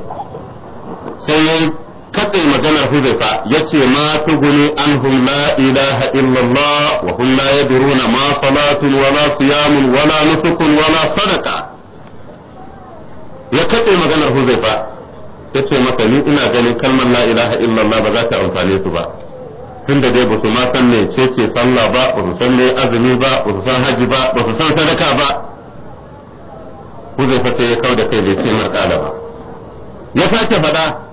sai katse maganar Huzaifa yace ma tuguni an la ilaha illallah wa hum la yadruna ma salatun wala siyamun wala nusukun wala sadaka ya katse maganar Huzaifa yace masa ni ina ganin kalmar la ilaha illallah ba za ta amfane su ba tunda dai ba su ma san me ce ce sallah ba ba su san me azumi ba ba su san haji ba ba su san sadaka ba Huzaifa sai ya da kai bai ce ba ya sake faɗa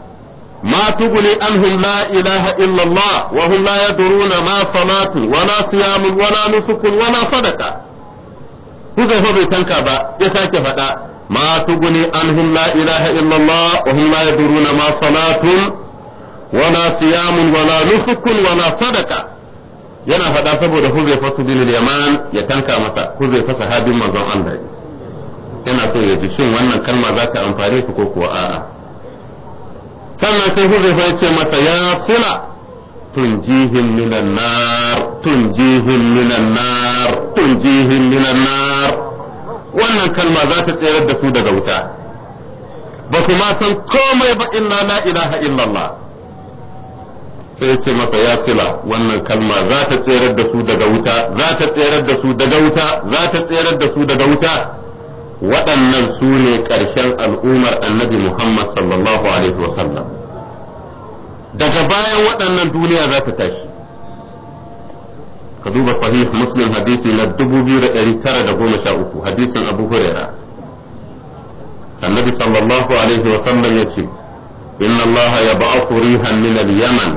ما تغني عنهم لا إله إلا الله وهم لا يدرون ما صلاة ولا صيام ولا نسك ولا صدقة هذا bai tanka ba ya sake faɗa ma tuguni ilaha illallah wa hum la yadruna ma salatun wala siyamun wala nusukun yana faɗa saboda huzaifa bin yaman ya tanka masa huzaifa sahabin manzon Allah yana so ya ji shin wannan kalma za ta amfane su ko kuwa a'a sannan sai huzaifa ya ce mata ya sula tunjihim minan nar tunjihim minan nar tunjihim minan nar wannan kalma za ta tsere da su daga wuta ba su ma san komai ba inna la ilaha illallah sai ce mata ya sila wannan kalma za ta tserar da su daga wuta za ta tserar da su daga wuta za ta tserar da su daga wuta waɗannan su ne ƙarshen al'ummar annabi Muhammad sallallahu Alaihi wasallam. Daga bayan waɗannan duniya za ta tashi. Ka duba sahih Muslim hadisi na 2913 hadisin Abu Huraira. Annabi sallallahu Alaihi wasallam ya ce, Inna Allah ya ba'a rihan min yaman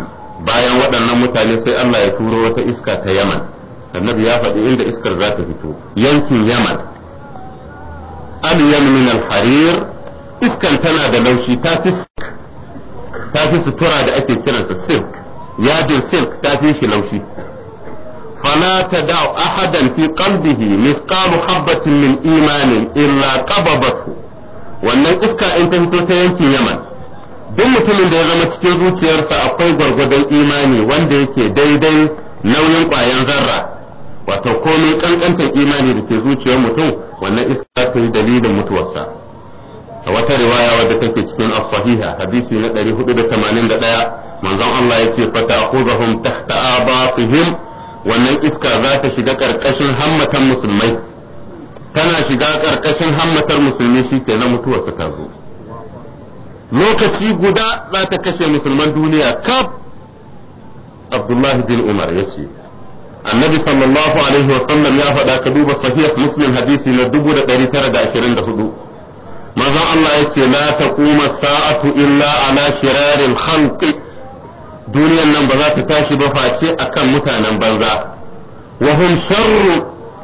bayan waɗannan mutane sai Allah ya turo wata iska ta Yaman. Annabi ya faɗi inda iskar za ta fito, yankin Yaman. abyan min harir iskan tana da laushi ta fi ta fi sutura da ake kiransa silk yadin silk ta fi shi laushi فلا da أحدا في قلبه مثقال حبة من إيمان إلا قبضته wannan iska in ta fito ta yankin yaman duk mutumin da ya zama cikin zuciyarsa akwai gwargwadon imani wanda yake daidai nauyin ƙwayan zarra wato komai kankantar imani da ke zuciyar mutum wannan iska ta yi dalilin mutuwarsa a wata riwaya wadda take cikin as-sahiha hadisi na 481 manzon Allah yace fata'khudhum tahta abatihim wannan iska za ta shiga karkashin hammatan musulmai tana shiga karkashin hammatar musulmi na mutuwarsa ta zo lokaci guda za ta kashe musulman duniya kaf Abdullahi bin Umar yace annabi sallallahu alaihi wa sallam ya faɗa ka duba sahih muslim hadisi na 1924 maza Allah yace la taquma sa'atu illa ala shirarin khalq duniyan nan ba za ta tashi ba face akan mutanen banza wa hum sharru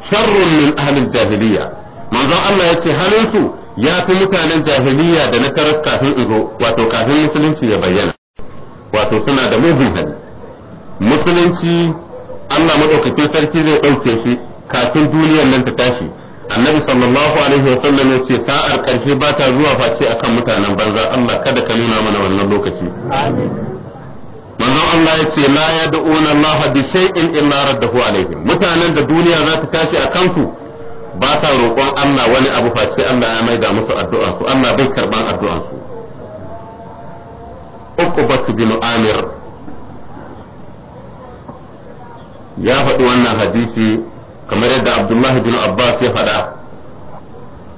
sharrun min ahli jahiliya manzo Allah yace halin su ya fi mutanen jahiliya da na karas kafin izo wato kafin musulunci ya bayyana wato suna da mugun hali musulunci Allah madaukakin sarki zai ɗauke shi kafin duniyar nan ta tashi annabi sallallahu alaihi wa sallam ya ce sa'ar karshe ba ta zuwa face akan mutanen banza Allah kada ka nuna mana wannan lokaci manzon Allah ya ce la da'una Allah bi shay'in illa raddahu alaihim mutanen da duniya za ta tashi a kansu ba sa roƙon Allah wani abu face Allah ya maida musu addu'a addu'ansu Allah bai karban addu'ansu uku bin amir ya faɗi wannan hadisi kamar yadda abdullahi bin abbas ya faɗa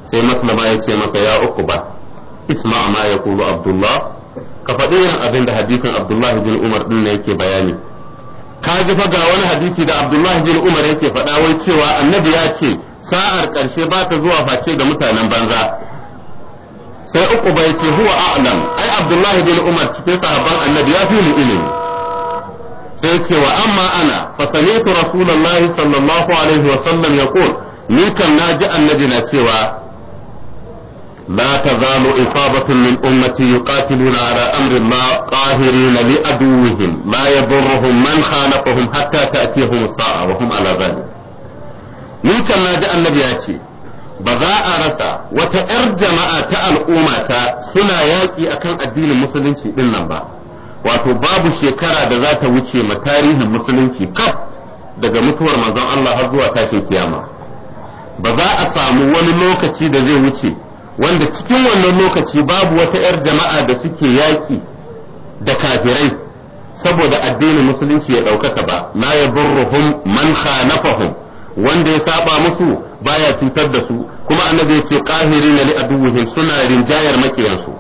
sai maslama ya ce masa ya uku ba isma ma ya kulu abdullah ka faɗi yin abin da hadisin abdullahi bin umar ɗin ne yake bayani ka ji faga ga wani hadisi da abdullahi bin umar yake faɗa wai cewa annabi ya ce sa'ar ƙarshe ba ta zuwa face ga mutanen banza sai uku bai ce huwa a'lam ai abdullahi bin umar cikin sahabban annabi ya fi mu ilimi sai ce wa amma ana fasalitu rasulullahi sallallahu alaihi wa sallam ya kun ni kan naji annabi na cewa la tazalu isabatu min ummati yuqatiluna ala amri ma qahirina li aduwihim ma yadurruhum man khalaqahum hatta ta'tihum sa'a wa hum ala dhalik ni kan naji annabi ya ce ba za a rasa wata 'yar jama'a ta al'umma ta suna yaƙi akan addinin musulunci ɗinnan ba wato babu shekara da za ta wuce ma tarihin musulunci kaf daga mutuwar manzon Allah har zuwa tashin kiyama ba za a samu wani lokaci da zai wuce wanda cikin wannan lokaci babu wata 'yar jama'a da suke yaƙi da kafirai saboda addinin musulunci ya ɗaukaka ba la ya burruhum man khanafahum wanda ya saba musu baya cutar da su kuma annabi ya ce qahirina li aduwwihim suna rinjayar makiyansu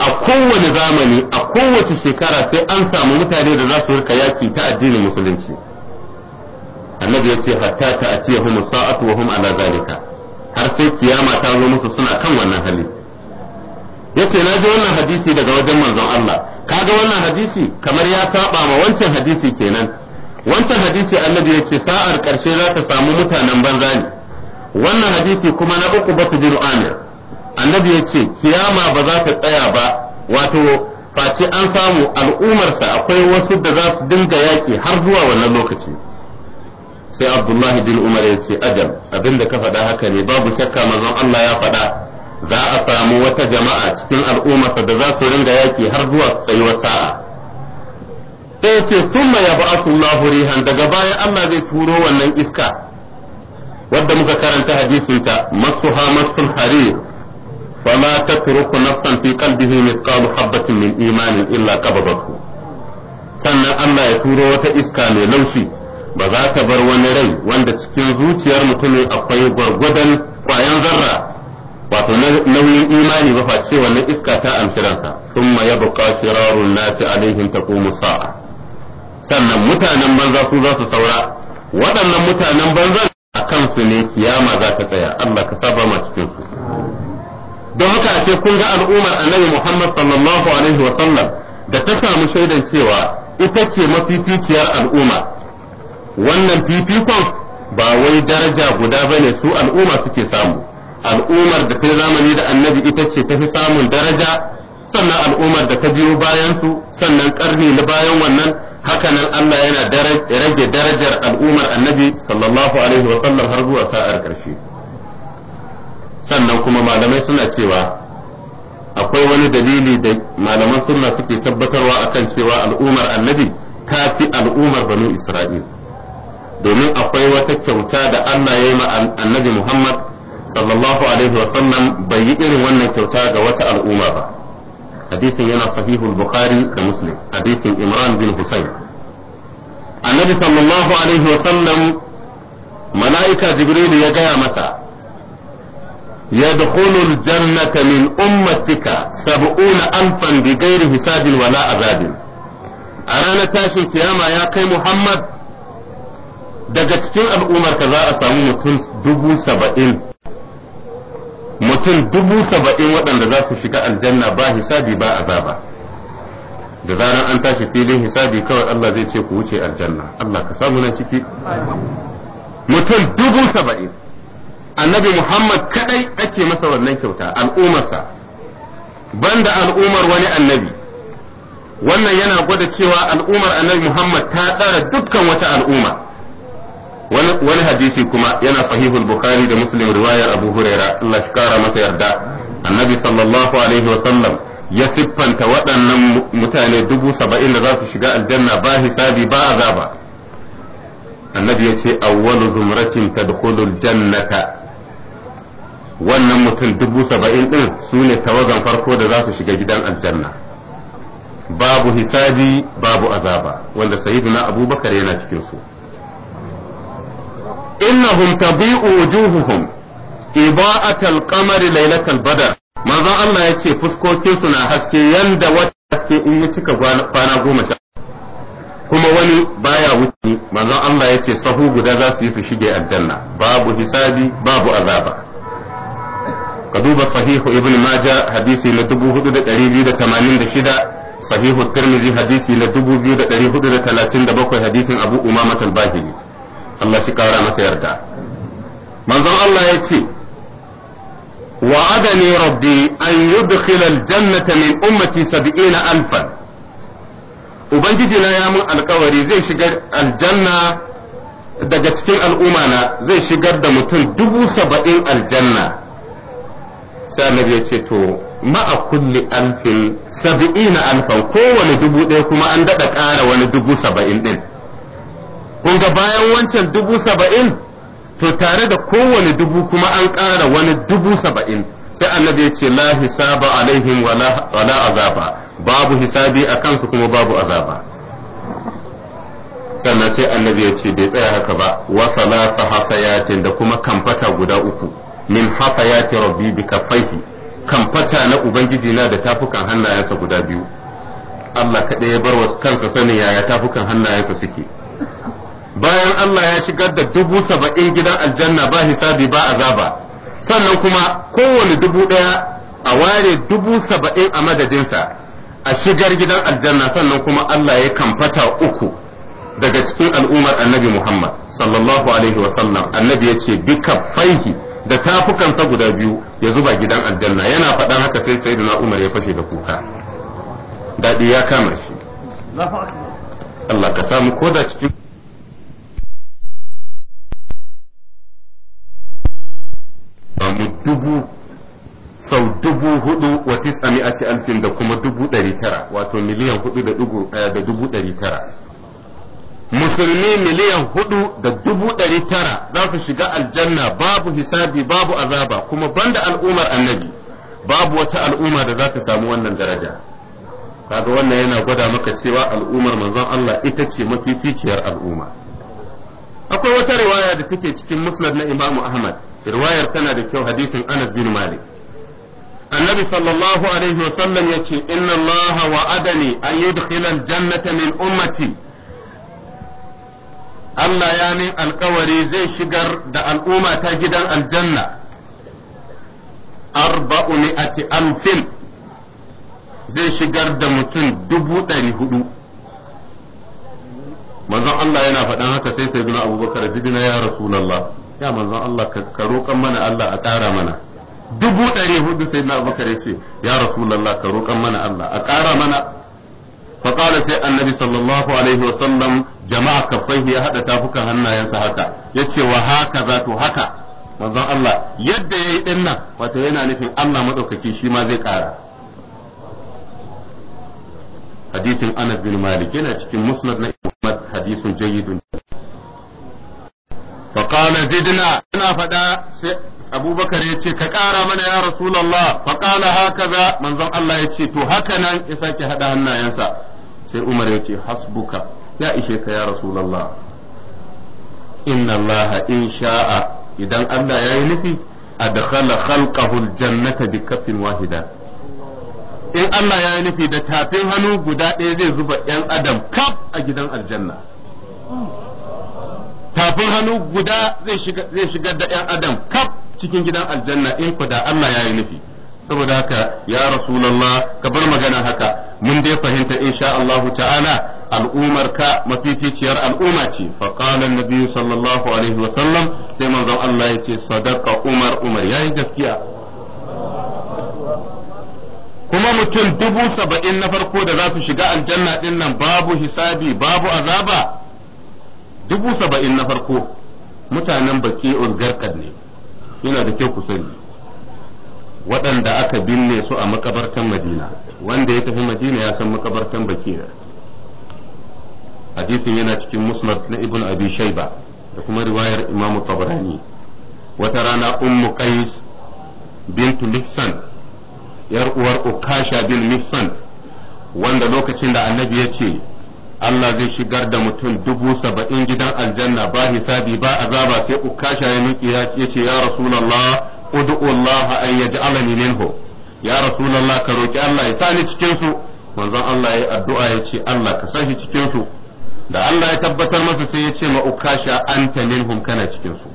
a kowane zamani a kowace shekara sai an samu mutane da za su rika yaki ta addinin musulunci annabi ya ce hatta ta atiyahum sa'atu wa hum ala zalika har sai kiyama ta zo musu suna kan wannan hali yace na ji wannan hadisi daga wajen manzon Allah kaga wannan hadisi kamar ya saba ma wancan hadisi kenan wancan hadisi annabi ya sa'ar karshe za ta samu mutanen banza ne wannan hadisi kuma na uku batu jiru amir annabi ya ce kiyama ba za ta tsaya ba wato face an samu al'ummarsa akwai wasu da za su dinga yaƙi har zuwa wannan lokaci sai abdullahi bin umar ya ce ajal abinda ka faɗa haka ne babu shakka manzon allah ya faɗa za a samu wata jama'a cikin al'umarsa da za su dinga yaƙi har zuwa tsayuwar sa'a sai ce summa ya ba'athu Allahu rihan daga baya Allah zai turo wannan iska wadda muka karanta hadisinta masuha masul harir وما تترك نفسا في قلبه مثقال حبة من إيمان إلا قبضته sannan Allah ya turo wata iska mai laushi ba za ta bar wani rai wanda cikin zuciyar mutumin akwai gwargwadon kwayan zarra wato nauyin imani ba face na iska ta amfiransa sun ma ya buka shirarun nasi alaihim ta sa'a sannan mutanen banza su za su saura waɗannan mutanen banza a kansu ne kiyama za ta tsaya Allah ka saba ma cikinsu don haka ce kun ga al'ummar annabi Muhammad sallallahu alaihi wa sallam da ta samu shaidan cewa ita ce mafificiyar al'umma wannan fifikon ba wai daraja guda bane su al'umma suke samu al'ummar da ta zamani da annabi ita ce ta fi samun daraja sannan al'ummar da ta biyo bayan su sannan karni na bayan wannan hakanan Allah yana rage darajar al'ummar annabi sallallahu alaihi wa sallam har zuwa sa'ar ƙarshe. sannan kuma malamai suna cewa akwai wani dalili da malaman sunna suke tabbatarwa akan cewa al'ummar annabi ta fi al'ummar banu isra'il domin akwai wata kyauta da Allah ya yi ma annabi Muhammad sallallahu alaihi wa sallam bai yi irin wannan kyauta ga wata al'umma ba hadisin yana sahihul bukhari da muslim hadisin imran bin husayn annabi sallallahu alaihi wa sallam mala'ika jibril ya gaya masa يدخل الجنة من أمتك سبعون ألفا بغير حساب ولا A ranar tashin كياما ya kai Muhammad. daga cikin al'ummarka za a samu mutum dubu saba'in mutum dubu saba'in waɗanda za su shiga aljanna ba hisabi ba azaba da zaran an tashi filin hisabi kawai Allah zai ce ku wuce aljanna Allah ka samu na ciki mutum dubu saba'in annabi Muhammad kadai ake masa wannan kyauta al'ummarsa banda al'ummar wani annabi wannan yana gwada cewa al'ummar annabi Muhammad ta tsara dukkan wata al'umma wani hadisi kuma yana sahihul bukhari da muslim riwayar abu huraira Allah shi kara masa yarda annabi sallallahu alaihi sallam ya siffanta waɗannan mutane dubu saba'in da za su shiga aljanna ba hisabi ba azaba annabi ya ce awwalu zumratin tadkhulul jannata wannan mutum dubu saba'in ɗin su ne tawagan farko da za su shiga gidan aljanna babu hisabi babu azaba wanda Sayidu na abubakar yana cikin su innahum tabi'u wujuhuhum iba'atal qamari lailatal badr manzo Allah yace ce fuskokin su na haske yanda wata haske in ya cika kwana goma sha kuma wani baya wuce manzo Allah ya ce sahu guda za su yi su shige aljanna babu hisabi babu azaba ka duba sahihu ibn maja hadisi na 4286 sahihu tirmidhi hadisi na 2437 hadisin abu umama al Allah shi kara masa yarda manzon Allah ya ce wa'adani rabbi an yudkhila al-jannata min ummati 70 alfan ubangiji na yamun mun alkawari zai shigar aljanna daga cikin al'umma na zai shigar da mutum dubu saba'in aljanna sai annabi ya ce to ma a kulli alfin sab'ina alfan kowane dubu ɗaya kuma an daɗa ƙara wani dubu saba'in ɗin kun ga bayan wancan dubu saba'in to tare da kowane dubu kuma an ƙara wani dubu saba'in sai annabi ya ce la hisaba alaihim wala azaba babu hisabi a kansu kuma babu azaba sannan sai annabi ya ce bai tsaya haka ba wa salasa hasayatin da kuma kamfata guda uku min ce rabbi bi kafaihi kan fata na ubangiji na da tafukan hannayensa guda biyu Allah kaɗai ya bar wasu kansa sanin yaya tafukan hannayensa suke bayan Allah ya shigar da dubu saba'in gidan aljanna ba hisabi ba azaba sannan kuma kowane dubu ɗaya a ware dubu saba'in a madadinsa a shigar gidan aljanna sannan kuma Allah ya kamfata uku daga cikin al'ummar annabi Muhammad sallallahu alaihi wa sallam annabi ya ce bi kaffaihi da tafukansa guda biyu ya zuba gidan aljanna yana faɗan haka sai sai na umar ya fashe da kuka daɗi ya kama shi Allah ka samu ko da cikin mu dubu sau dubu hudu wa tis'ami'ati alfin da kuma dubu ɗari tara wato miliyan hudu da eh, dubu ɗari tara musulmi miliyan hudu da dubu ɗari tara za su shiga aljanna babu hisabi babu azaba kuma banda al'ummar annabi babu wata al'umma da za ta samu wannan daraja kaga wannan yana gwada maka cewa al'ummar manzon Allah ita ce mafificiyar al'umma akwai wata riwaya da take cikin musnad na Imam Ahmad riwayar tana da kyau hadisin Anas bin Malik annabi sallallahu alaihi wasallam yace inna Allah wa'adani an yudkhila al-jannata min ummati Allah ya min alkawari zai shigar da al'umma ta gidan aljanna arba'u mi'ati alfin zai shigar da mutum dubu ɗari hudu manzon Allah yana faɗan haka sai sai duna abubakar jidina ya rasulallah ya manzon Allah ka roƙan mana Allah a ƙara mana dubu ɗari hudu sai na abubakar ya ce ya rasulallah ka roƙan mana Allah a ƙara mana faƙala sai annabi sallallahu alaihi wasallam jama'a kaffaihi ya haɗa tafukan hannayensa haka ya ce wa haka za haka manzon Allah yadda ya yi ɗin nan wato yana nufin Allah maɗaukaki shi ma zai ƙara hadisin Anas bin Malik yana cikin musnad na Muhammad hadisin jayyidun فقال زدنا ya فدا أبو بكر يتي كقارا من يا رسول الله فقال ya من ظن الله يتي تو هكذا يساك هذا hannayensa. sai umar ya ce hasbuka ya ishe ka ya rasulallah inna allaha in sha'a idan allah ya yi nufi a adkhala khalqahu jannata bi kafin wahida in allah ya yi nufi da tafin hannu guda ɗaya zai zuba yan adam kaf a gidan aljanna tafin hannu guda zai shigar da yan adam kaf cikin gidan aljanna in ku da allah ya yi nufi saboda haka ya rasu ka bar magana haka mun dai fahimta insha Allah ta'ala al'ummar ka mafificiyar al'umma ce fa qala an sallallahu alaihi wa sallam sai manzon Allah ya ce sadaqa umar umar yayi gaskiya kuma mutum dubu saba'in na farko da za su shiga aljanna din nan babu hisabi babu azaba dubu saba'in na farko mutanen baki ulgarkar ne yana da kyau ku sani waɗanda aka binne su a makabartan madina wanda ya tafi madina ya san makabartan bakira hadisin yana cikin musnad na ibn abi shaiba da kuma riwayar imamu tabarani wata rana ummu qais bintu mihsan yar uwar ukasha bin mihsan wanda lokacin da annabi ya ce Allah zai shigar da mutum dubu saba'in gidan aljanna ba hisabi ba azaba sai ukasha ya miƙe ya ce ya rasulallah ud'u Allah an yaj'alani minhu ya rasulullah ka roki Allah ya sani cikin su manzon Allah ya addu'a ya ce Allah ka sani cikin su da Allah ya tabbatar masa sai ya ce ma ukasha anta minhum kana cikin su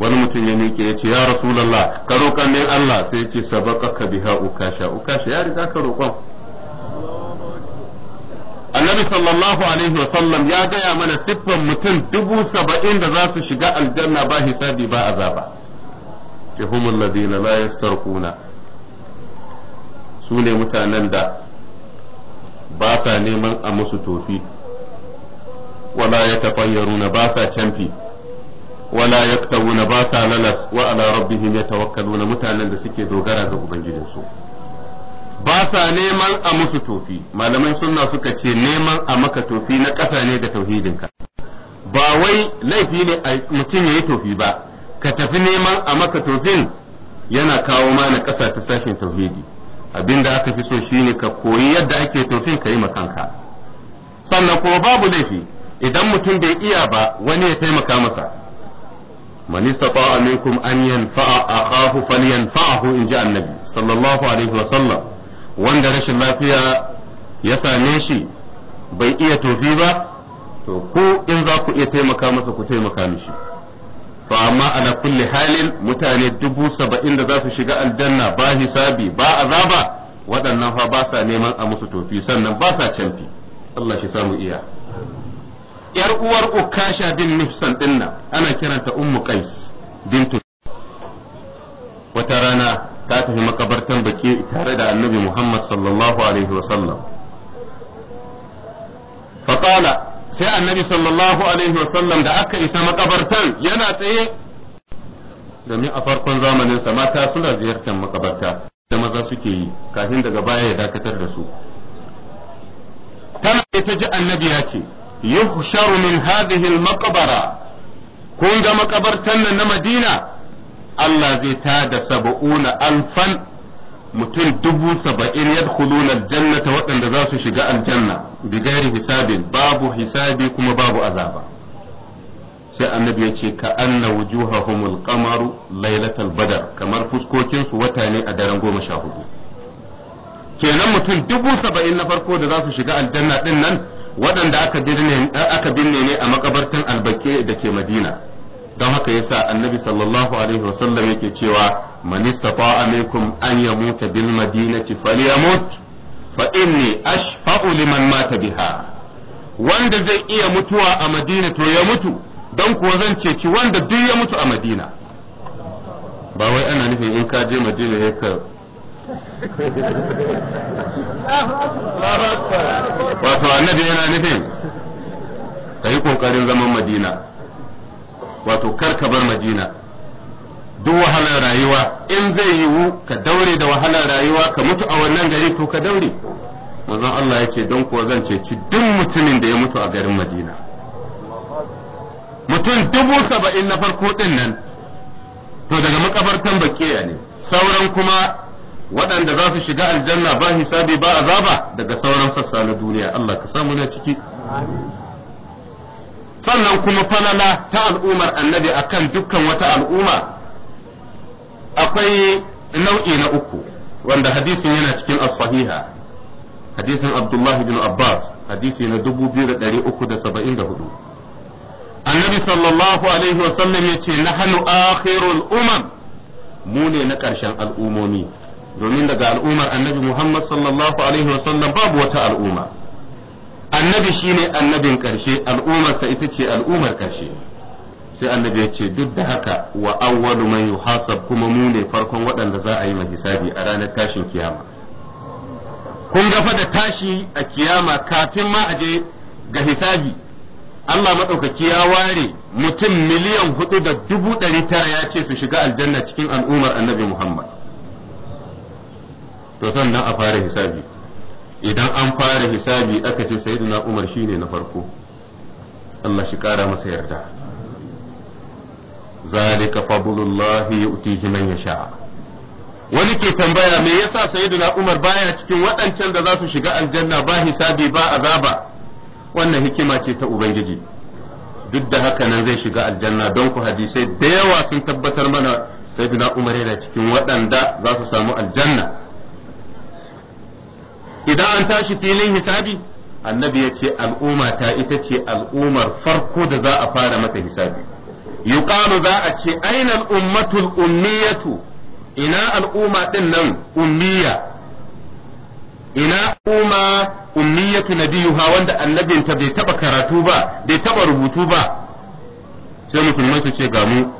wani mutum ya miƙe ya ce ya rasulullah ka roka min Allah sai ya ce ka biha ukasha ukasha ya riga ka roƙon annabi sallallahu alaihi sallam ya gaya mana siffan mutum dubu saba'in da za su shiga aljanna ba hisabi ba azaba zaba. ladina la yastarquna su ne mutanen da ba sa neman a musu tofi wala yatafayyaruna ba sa canfi wala yaktawuna ba sa lalas wa ala rabbihim yatawakkaluna mutanen da suke dogara ga ubangijinsu ba sa neman a musu tofi malaman sunna suka ce neman a maka tofi na ƙasa ne ga tauhidinka ba wai laifi ne a mutum ya yi tofi ba ka tafi neman a maka tofin yana kawo ma na ƙasa ta sashen tauhidi Abin da aka fi so shine ka koyi yadda ake tofin ka yi kanka. sannan kuma babu laifi idan mutum bai iya ba wani ya taimaka masa man istata'a minkum an yanfa'a akahu falyanfa'ahu in ji annabi sallallahu alaihi wa sallam wanda rashin lafiya ya same shi bai iya tofi ba to ko in za ku iya taimaka masa ku taimaka mishi to amma ana kulli halin mutane dubu saba'in da za su shiga aljanna ba hisabi ba azaba waɗannan fa ba sa neman a musu tofi sannan ba sa canfi Allah shi samu iya yar uwar ukasha bin nufsan dinna ana kiranta ummu qais bintu wata rana ta tafi makabartan baki tare da annabi Muhammad sallallahu alaihi wasallam faƙala sai annabi sallallahu alaihi wasallam da aka isa makabartan yana tsaye domin a farkon zamaninsa mata suna ziyartar makabarta da maza suke yi kafin daga baya ya dakatar da su tana ita ji annabi ya ce yuhsharu min hadhihi makabara kun ga makabartan nan na Madina Allah zai ta da saba'una alfan mutum dubu saba'in yadkhuluna aljannata waɗanda za su shiga aljanna bigari hisabin babu hisabi kuma babu azaba sai annabi ya ce ka anna wujuhahumul qamaru lailatal badar kamar fuskokinsu wata ne a daren goma sha hudu kenan mutum dubu saba'in na farko da za su shiga aljanna din nan waɗanda aka binne ne a makabartan albake da ke madina don haka yasa annabi sallallahu alaihi wasallam yake cewa man istata'a minkum an yamuta bil madinati falyamut fa inni ashfa'u liman mata biha wanda zai iya mutuwa a madina to ya mutu don kuwa zan ceci wanda duk ya mutu a madina ba wai ana nufin in ka je madina ya ka wato annabi yana nufin ka yi kokarin zaman madina wato kar ka bar madina duk wahalar rayuwa in zai yiwu ka daure da wahalar rayuwa ka mutu a wannan gari to ka daure manzon Allah yake don kuwa zan ceci duk mutumin da ya mutu a garin madina mutum dubu saba'in na farko din nan to daga makabartan bakiya ne sauran kuma waɗanda za su shiga aljanna ba hisabi ba azaba daga sauran sassa na duniya Allah ka samu na ciki sannan kuma falala ta al'ummar annabi akan dukkan wata al'umma akwai nau'i na uku wanda hadisin yana cikin as-sahiha hadisin Abdullah bin Abbas hadisi na 2374 annabi sallallahu alaihi wasallam yace nahnu akhirul umam mu ne na ƙarshen al'umomi domin daga al'ummar annabi Muhammad sallallahu alaihi wasallam babu wata al'umma annabi shine annabin ƙarshe al'ummarsa ita ce al'ummar ƙarshe sai annabi ya ce duk da haka wa awwalu man yuhasab kuma mu ne farkon waɗanda za a yi ma hisabi a ranar tashin kiyama kun ga da tashi a kiyama kafin ma a je ga hisabi Allah maɗaukaki ya ware mutum miliyan hudu da dubu ɗari tara ya ce su shiga aljanna cikin al'ummar annabi Muhammad. To sannan a fara hisabi. idan an fara hisabi aka ce sayyidina umar shine na farko Allah shi kara masa yarda zalika fadlullahi yu'tihi man yasha wani ke tambaya me yasa sayyidina umar baya cikin waɗancan da za su shiga aljanna ba hisabi ba azaba wannan hikima ce ta ubangiji duk da haka nan zai shiga aljanna don ku hadisai da yawa sun tabbatar mana sayyidina umar yana cikin waɗanda za su samu aljanna idan an tashi filin hisabi annabi ya ce al'umma ta ita ce al'ummar farko da za a fara mata hisabi yuqalu za a ce aina al'ummatul ummiyatu ina al'umma din nan ummiya ina al'umma ummiyatu nabiyuha wanda annabinta bai taba karatu ba bai taba rubutu ba sai musulmai su ce ga mu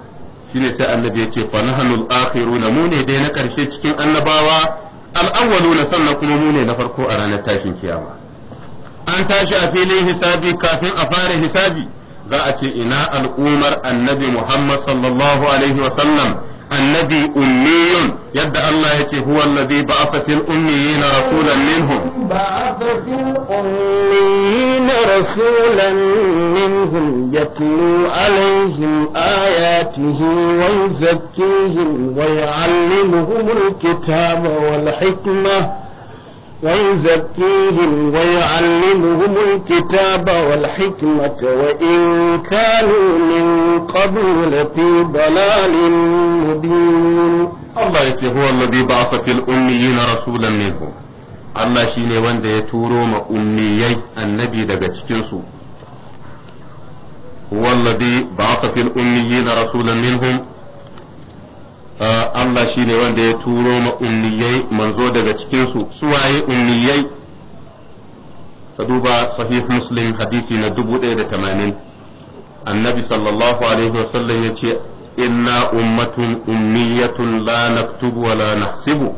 shine sai annabi ya ce fa nahnu al-akhiruna mu ne dai na karshe cikin annabawa al'awwalu na sannan kuma mu ne na farko a ranar tashin kiyama an tashi a filin hisabi kafin a fara hisabi za a ce ina al'umar annabi muhammad sallallahu alaihi wa sallam النبي أمي يد الله هو الذي بعث في الأميين رسولا منهم بعث في الأميين رسولا منهم يتلو عليهم آياته ويزكيهم ويعلمهم الكتاب والحكمة ويزكيهم ويعلمهم الكتاب والحكمة وإن كانوا من قبل لفي ضلال مبين الله يتي هو الذي بعث في الأميين رسولا منهم Allah shi ne wanda ya turo ma ummiyai annabi daga cikinsu, wallabi ba fil ummiyina rasulan minhum Eh, Allah shi ne wanda ya turo ma ummiyai manzo daga cikinsu suwaye ummiyai ka duba sahih muslim hadisi na tamanin. annabi sallallahu alaihi wasallam ya ce inna ummatun ummiyatun la naktubu wa la nahsibu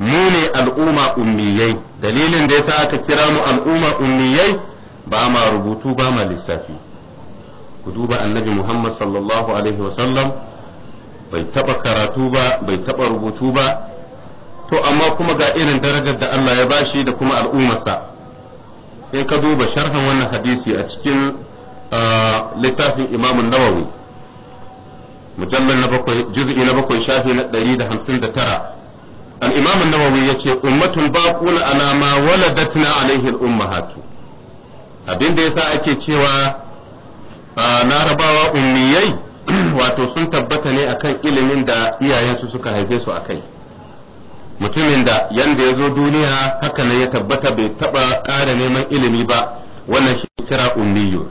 mu ne al'umma ummiyai dalilin da yasa aka kira mu al'umma ummiyai ba ma rubutu ba ma lissafi ku duba annabi muhammad sallallahu alaihi wasallam bai taba karatu ba bai taɓa rubutu ba to amma kuma ga irin darajar da Allah ya bashi da kuma al'ummarsa in ka duba sharhan wannan hadisi a cikin littafin Imam nawawi mujallar na bakwai juz'i na bakwai shafi na ɗari da hamsin da tara الإمام النووي يكي ummatun باقون على ما waladatna عليه الأمهات abin da yasa ake cewa rabawa ummiyai wato sun tabbata ne akan ilimin da iyayensu suka haife su a kai. mutumin da yanda ya zo duniya haka ne ya tabbata bai taba ƙara neman ilimi ba wannan shi kira ummiyu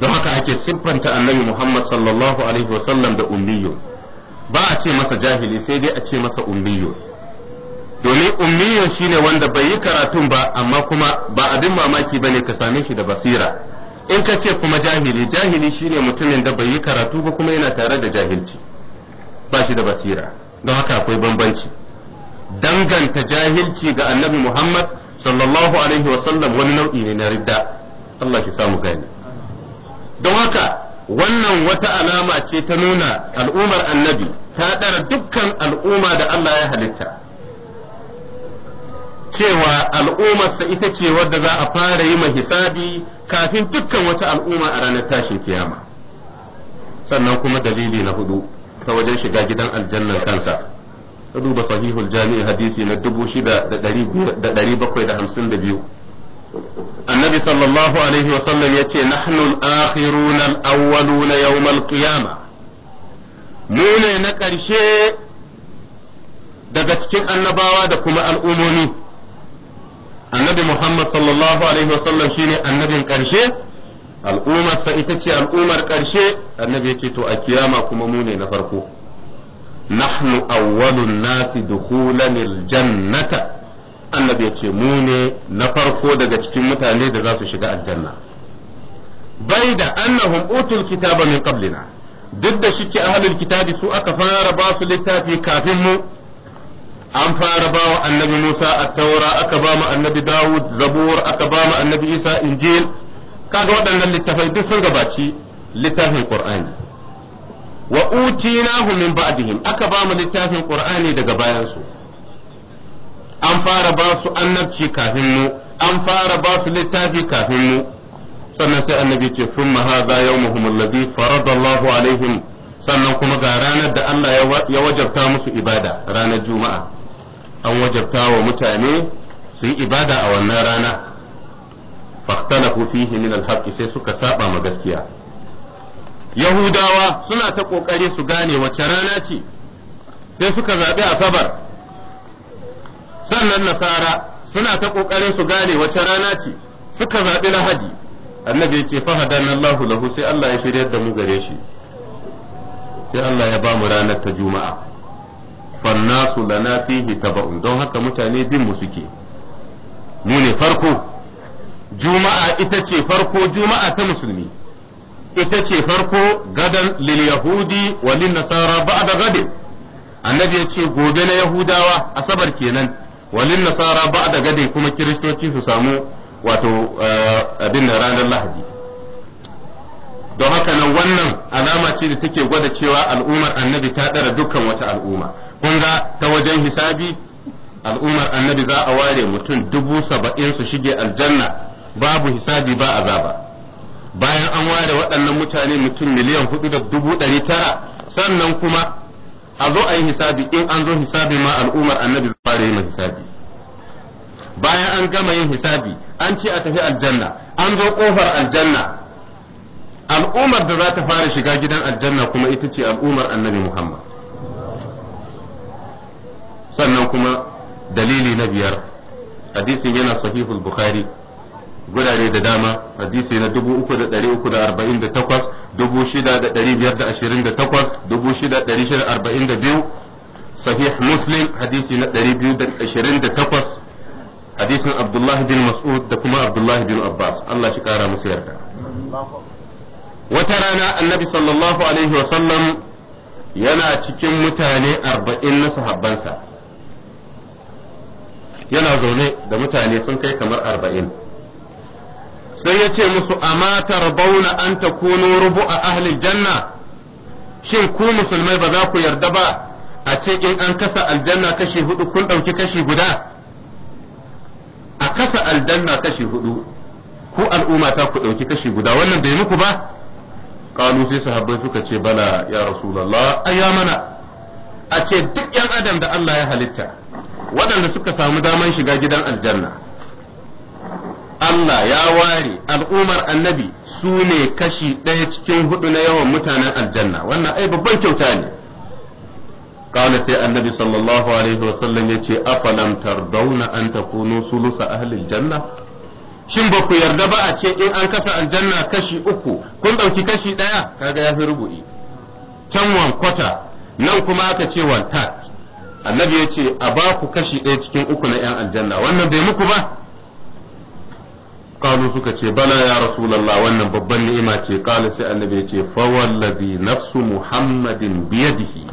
don haka ake siffanta annabi muhammad sallallahu alaihi wasallam da ummiyu ba a ce masa jahili sai dai a ce masa ummiyu domin ummiyu shine wanda bai yi karatun ba amma kuma ba abin mamaki bane ka same shi da basira in ka ce kuma jahili jahili shine mutumin da bai yi karatu ba kuma yana tare da jahilci ba shi da basira don haka akwai bambanci danganta jahilci ga annabi muhammad sallallahu alaihi wasallam wani nau'i ne na ridda Allah shi samu gani don haka wannan wata alama ce ta nuna al'umar annabi ta ɗara dukkan al'umma da Allah ya halitta cewa al'ummarsa ita ce wadda za a fara yi hisabi kafin dukkan wata al'umma a ranar tashin kiyama sannan kuma dalili na hudu ta wajen shiga gidan aljannan kansa ta duba sahihul jami'i hadisi na biyu. annabi sallallahu alaihi wa sallam yace nahnu al-akhiruna al-awwaluna yawm al-qiyama mu ne na ƙarshe daga cikin annabawa da kuma al'umomi annabi Muhammad sallallahu alaihi wasallam shine annabin ƙarshe al'ummarsa ita ce al'ummar ƙarshe annabi ce to a kiyama kuma mu ne na farko nahnu awwalun nasi dukhulan jannata. annabi ya ce mu ne na farko daga cikin mutane da za su shiga aljanna bai da annahum utul kitaba min qablina duk da shike ahalul kitabi su aka fara ba su littafi kafin mu an fara ba wa annabi Musa a taura aka ba mu annabi Dawud zabur aka ba mu annabi Isa injil kaga waɗannan littafai duk sun gabaci littafin Qur'ani wa utinahu min ba'dihim aka ba mu littafin Qur'ani daga bayan su an fara ba su annabci kafin mu an fara ba su littafi kafin mu sannan sai annabi ce summa hadha yawmuhum alladhi farada Allahu alaihim sannan kuma ga ranar da Allah ya wajabta musu ibada ranar juma'a an wajabta wa mutane su yi ibada a wannan rana fahtalafu fihi min alhaqi sai suka saba ma gaskiya yahudawa suna ta kokari su gane wace rana ce sai suka zaɓi asabar sannan nasara suna ta kokarin su gane wace rana ce suka zaɓi lahadi annabi yake fahadan Allahu lahu sai Allah ya shiryar da mu gare shi sai Allah ya ba mu ranar ta juma'a fannasu lana fihi taba'un don haka mutane bin suke mu ne farko juma'a ita ce farko juma'a ta musulmi ita ce farko gadon lil yahudi wa lil nasara ba'da gadin annabi ya ce gobe na yahudawa asabar kenan wa lil nasara ba'da gadin kuma kiristoci su samu wato eh, abin ranar lahadi don haka nan wannan alama ce da take gwada cewa al'ummar annabi ta ɗara dukkan wata al'umma kun ta wajen hisabi al'ummar annabi za a ware mutum dubu saba'in su shige aljanna babu hisabi ba azaba bayan an ware waɗannan mutane mutum miliyan hudu da dubu ɗari tara sannan kuma a zo a yi hisabi in an zo hisabi ma al'ummar annabi za a ware yin hisabi bayan an gama yin hisabi an ce a tafi aljanna an zo kofar aljanna al'ummar da za ta fara shiga gidan aljanna kuma ita ce al'ummar annabi muhammad sannan kuma dalili na biyar hadisin yana sahihu bukhari gurare da dama hadisi na 3,348 6,528 6,642 sahih muslim hadisi na 228 hadisin abdullahi bin mas'ud da kuma abdullahi bin abbas Allah shi kara musu yarda wata rana annabi sallallahu alaihi wasallam yana cikin mutane arba'in na sahabbansa yana zaune da mutane sun kai kamar arba'in sai ya ce musu amma bauna an ta kuno rubu a ahalin janna shin ku musulmai ba za ku yarda ba a ce in an kasa aljanna kashi hudu kun ɗauki kashi guda a kasa aljanna kashi hudu ku al'umma ta ku ɗauki kashi guda wannan bai muku ba kalu sai sahabbai suka ce bala ya rasulullah ayya mana a ce duk yan adam da Allah ya halitta waɗanda suka samu daman shiga gidan aljanna Allah ya ware al'ummar annabi su ne kashi ɗaya cikin hudu na yawan mutanen aljanna wannan ai babban kyauta ne قال sai annabi sallallahu alaihi عليه وسلم يتي afalam ترضون an takunu sulusa أهل janna? shin ba ku yarda ba a ce in an kasa aljanna kashi uku kun ɗauki kashi ɗaya kaga ya fi rubu'i can nan kuma aka ce wantat annabi ya ce a ba ku kashi ɗaya cikin uku na 'yan aljanna wannan bai muku ba kalu suka ce bala ya rasulallah wannan babban ni'ima ce kala sai annabi ya ce fawallazi nafsu muhammadin biyadihi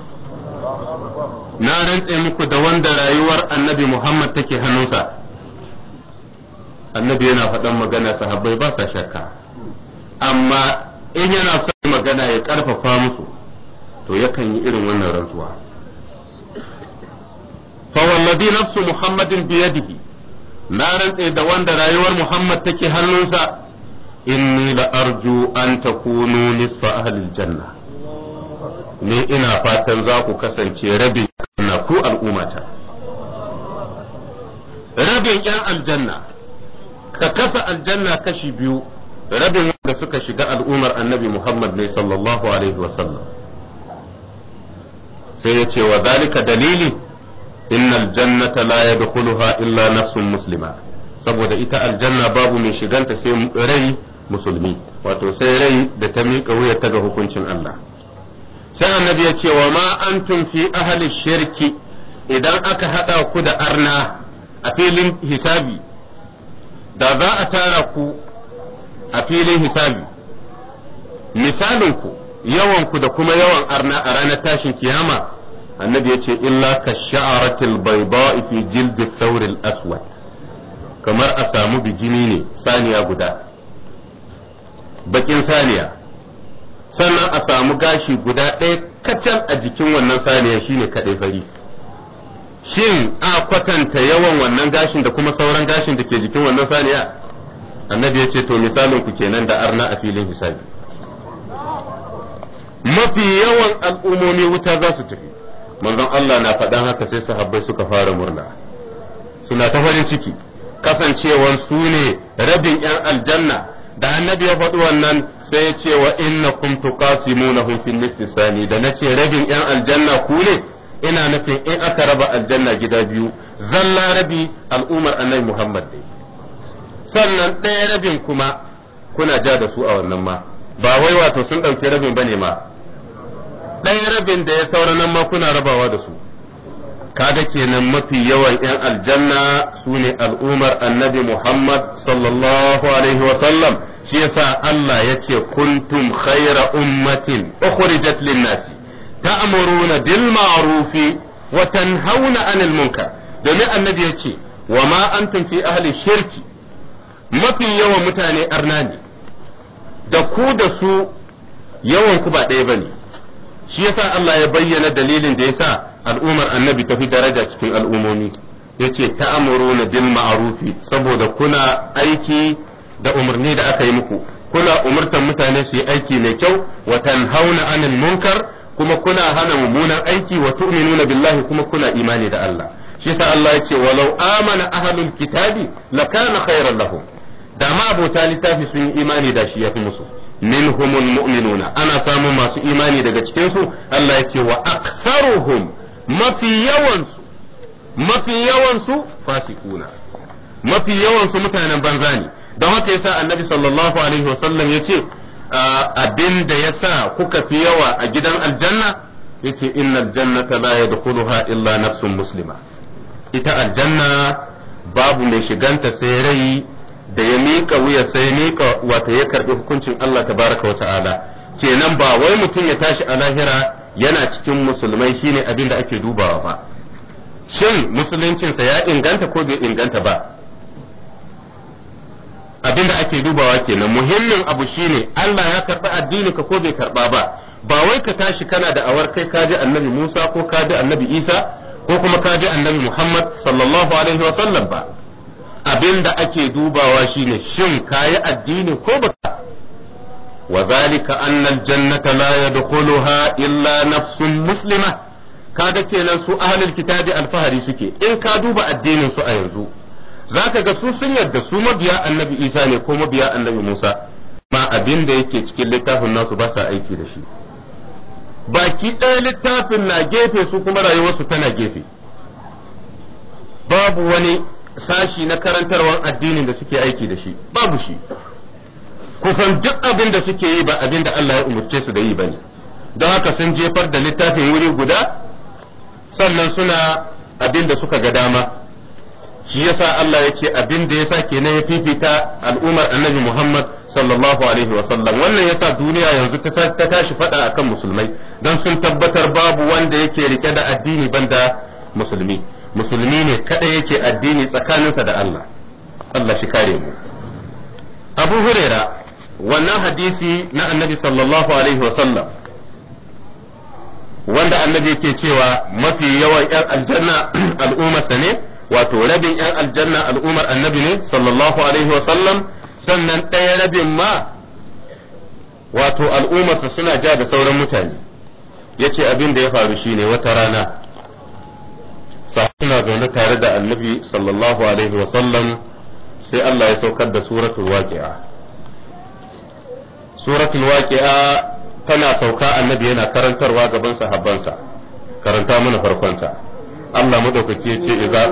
na rantse muku da wanda rayuwar annabi muhammad take hannunsa annabi yana faɗan magana sahabbai ba sa shakka amma in yana son magana ya karfafa musu to yakan yi irin wannan rantsuwa fa wallazi nafsu muhammadin biyadihi na rantse da wanda rayuwar muhammad take hannunsa inni la arju an takunu nisfa ahlil janna ni ina fatan za ku kasance rabin na ku al'ummata rabin yan aljanna ka kasa aljanna kashi biyu rabin wanda suka shiga al'ummar annabi muhammad ne sallallahu alaihi wasallam sai ya ce wa dalika dalili Inna innal jannata la yadkhuluha illa nafsun musulma saboda ita aljanna babu mai shiganta sai rai musulmi wato sai rai da ta miƙa wuya ta ga hukuncin Allah sai annabi ya cewa ma an fi ahalin shirki idan aka haɗa ku da arna a filin hisabi da za a tara ku a filin hisabi misalinku yawanku da kuma yawan arna a ranar tashin kiyama annabi ya ce illa ka sha'aratil bayda fi jildi al aswad kamar a samu bijimi ne saniya guda bakin saniya sannan a samu gashi guda ɗaya kacal a jikin wannan saniya shine kaɗai fari shin a kwatanta yawan wannan gashin da kuma sauran gashin da ke jikin wannan saniya annabi ya ce to misalin ku kenan da arna a filin hisabi mafi yawan al'umomi wuta za su tafi manzon Allah na faɗan haka sai sahabbai suka fara murna suna ta farin ciki kasancewar su ne rabin 'yan aljanna da annabi ya faɗi wannan sai ya ce wa inna kum hum fil mistisani da nace rabin 'yan aljanna ku ne ina nufin in aka raba aljanna gida biyu zalla rabi al'ummar annabi Muhammad ne sannan ɗaya rabin kuma kuna ja da su a wannan ma ba wai wato sun ɗauki rabin bane ma ɗaya rabin da ya saura nan ma kuna rabawa da su kaga kenan mafi yawan 'yan aljanna su ne al'ummar annabi Muhammad sallallahu alaihi wasallam shi yasa Allah ya ce kuntum khaira ummatin ukhrijat linnasi ta'muruna bil ma'rufi wa tanhauna 'anil munkar domin annabi ya ce wa ma an fi ahli shirki mafi yawan mutane arna ne da ku da su yawan ku ba ɗaya bane shi yasa Allah ya bayyana dalilin da yasa al'ummar annabi tafi daraja cikin al'umomi yace ta'amuruna bil ma'rufi saboda kuna aiki da umarni da aka yi muku kuna umurtan mutane su yi aiki mai kyau wa tanhauna anil munkar kuma kuna hana mummunan aiki wa tu'minuna billahi kuma kuna imani da Allah shi yasa Allah yace walau amana ahlul kitabi lakana khairan lahum da ma abota littafi sun yi imani da shi yafi musu minhumul mu'minuna ana samun masu imani daga cikin su Allah ya ce wa aktsaruhum mafi yawan mafi yawansu fasikuna mafi yawan mutanen banza ne don haka yasa annabi sallallahu alaihi wasallam ya ce abin da yasa kuka fi yawa a gidan aljanna yace inna aljannata la yadkhuluha illa nafsun muslima ita aljanna babu mai shiganta sai rai da ya miƙa wuya sai miƙa wato ya karɓi hukuncin Allah Ta baraka wa ta'ala kenan ba wai mutum ya tashi a lahira yana cikin musulmai shine abin da ake dubawa ba shin musuluncinsa ya inganta ko bai inganta ba abin da ake dubawa kenan muhimmin abu shine Allah ya karɓi ka ko bai karɓa ba ba wai ka tashi kana da awar kai ka ji annabi Musa ko ka ji annabi Isa ko kuma ka ji annabi Muhammad sallallahu alaihi wa sallam ba abin da ake dubawa shine shin kayi addini ko baka wa zalika annal jannata la yadkhuluha illa nafsun muslima kaga kenan su ahlul kitabi alfahari suke in ka duba addinin su a yanzu zaka ga su sun yarda su mabiya annabi Isa ne ko mabiya annabi Musa ma abin da yake cikin littafin nasu ba sa aiki da shi baki ɗaya littafin na gefe su kuma rayuwarsu tana gefe babu wani sashi na karantarwar addinin da suke aiki da shi babu shi kusan duk abin da suke yi ba abin da Allah ya umurce su da yi ba ne don haka sun jefar da littafin wuri guda sannan suna abin da suka ga dama shi yasa Allah ya ce abin da yasa kenan ya fifita al'ummar annabi Muhammad sallallahu alaihi wasallam wannan yasa duniya yanzu ta tashi fada akan musulmai don sun tabbatar babu wanda yake rike da addini banda musulmi musulmi ne kada yake addini tsakaninsa da Allah Allah shi kare mu Abu Huraira wannan hadisi na Annabi sallallahu alaihi wasallam wanda Annabi yake cewa mafi yawan ƴan aljanna al'ummarsa ne wato rabin ƴan aljanna al'ummar Annabi ne sallallahu alaihi wasallam sannan ɗaya rabin ma wato al'ummarsa suna ja da sauran mutane yace abin da ya faru shine wata rana suna zaune tare da annabi sallallahu alaihi wa sallam sai Allah ya saukar da suratul waqi'a suratul waqi'a tana sauka annabi yana karantarwa gaban sahabbansa karanta mana farkonta Allah madaukaki ya ce idza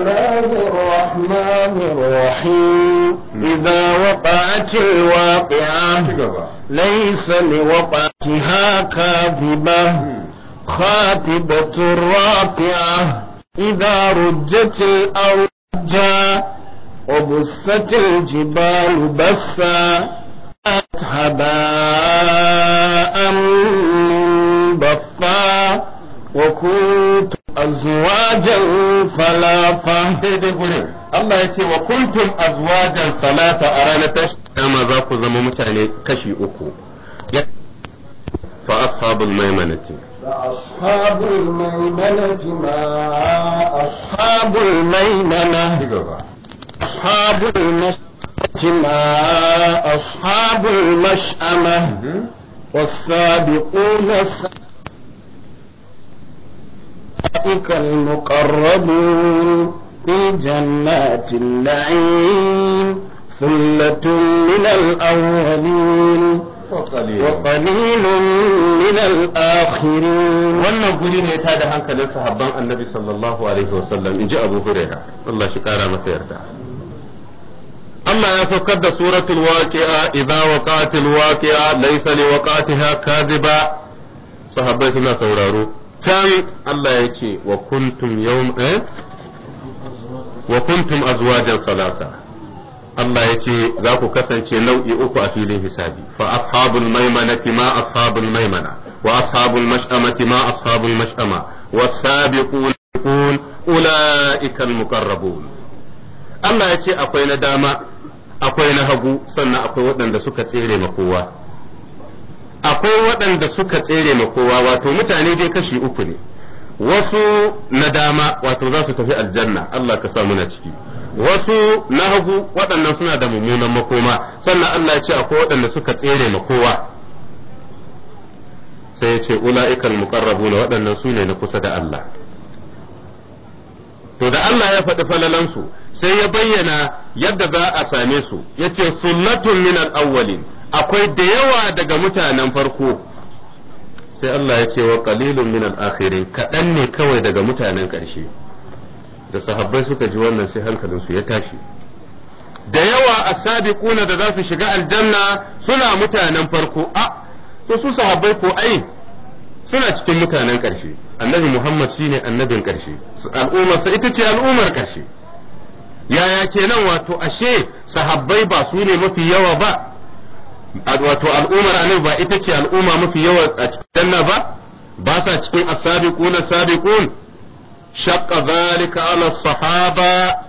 idza waqa'atil waqi'a laysa liwaqatiha خاطبة رافعة إذا رجت الأرض وبست الجبال بسا هباء منبثا وكنتم أزواجا ثلاثة Allah ya ce wa kuntum azwajan salata a ranar tashi kama za ku zama mutane kashi uku fa ashabul maimanati فأصحاب الميمنة ما أصحاب الميمنة أصحاب المشأمة ما أصحاب المشأمة والسابقون أولئك المقربون في جنات النعيم ثلة من الأولين وقليل من الآخرين wannan guri ne ta da hankalin sahabban annabi sallallahu alaihi wasallam in ji abu huraira Allah kara masa yarda Allah ya saukar da suratul waqi'a idza waqatil waqi'a laysa li waqatiha kadhiba sahabbai suna sauraro can Allah ya ce wa kuntum yawm eh wa kuntum azwajan salasa Allah ya ce za ku kasance nau'i uku a filin hisabi fa ashabul maimanati ma ashabul maimana wa ashabul mash'amati ma ashabul mash'ama was-sabiqun ulaika al-muqarrabun Allah ya ce akwai na dama akwai na hagu sannan akwai waɗanda suka tsere ma kowa akwai waɗanda suka tsere ma kowa wato mutane dai kashi uku ne wasu na dama wato za su tafi aljanna Allah ka sa muna ciki wasu na hagu waɗannan suna da mummunan makoma sannan Allah ya ce akwai waɗanda suka tsere ma kowa sai ya ce ula'ikal na waɗannan su ne na kusa da Allah to da Allah ya faɗi falalansu sai ya bayyana yadda za a same su ya ce sullatun min awwalin akwai da yawa daga mutanen farko sai Allah ya ce wa qalilun min al-akhirin kaɗan ne kawai daga mutanen ƙarshe da sahabbai suka ji wannan sai hankalinsu ya tashi da yawa as-sabiquna da za su shiga aljanna suna mutanen farko a to su sahabbai ko ai suna cikin mutanen ƙarshe annabi muhammad shi ne annabin ƙarshe al'ummarsa ita ce al'ummar ƙarshe yaya kenan wato ashe sahabbai ba su ne mafi yawa ba wato al'ummar anan ba ita ce al'umma mafi yawa a cikin janna ba ba sa cikin as-sabiquna sabiqun Shakka zalika ala sahaba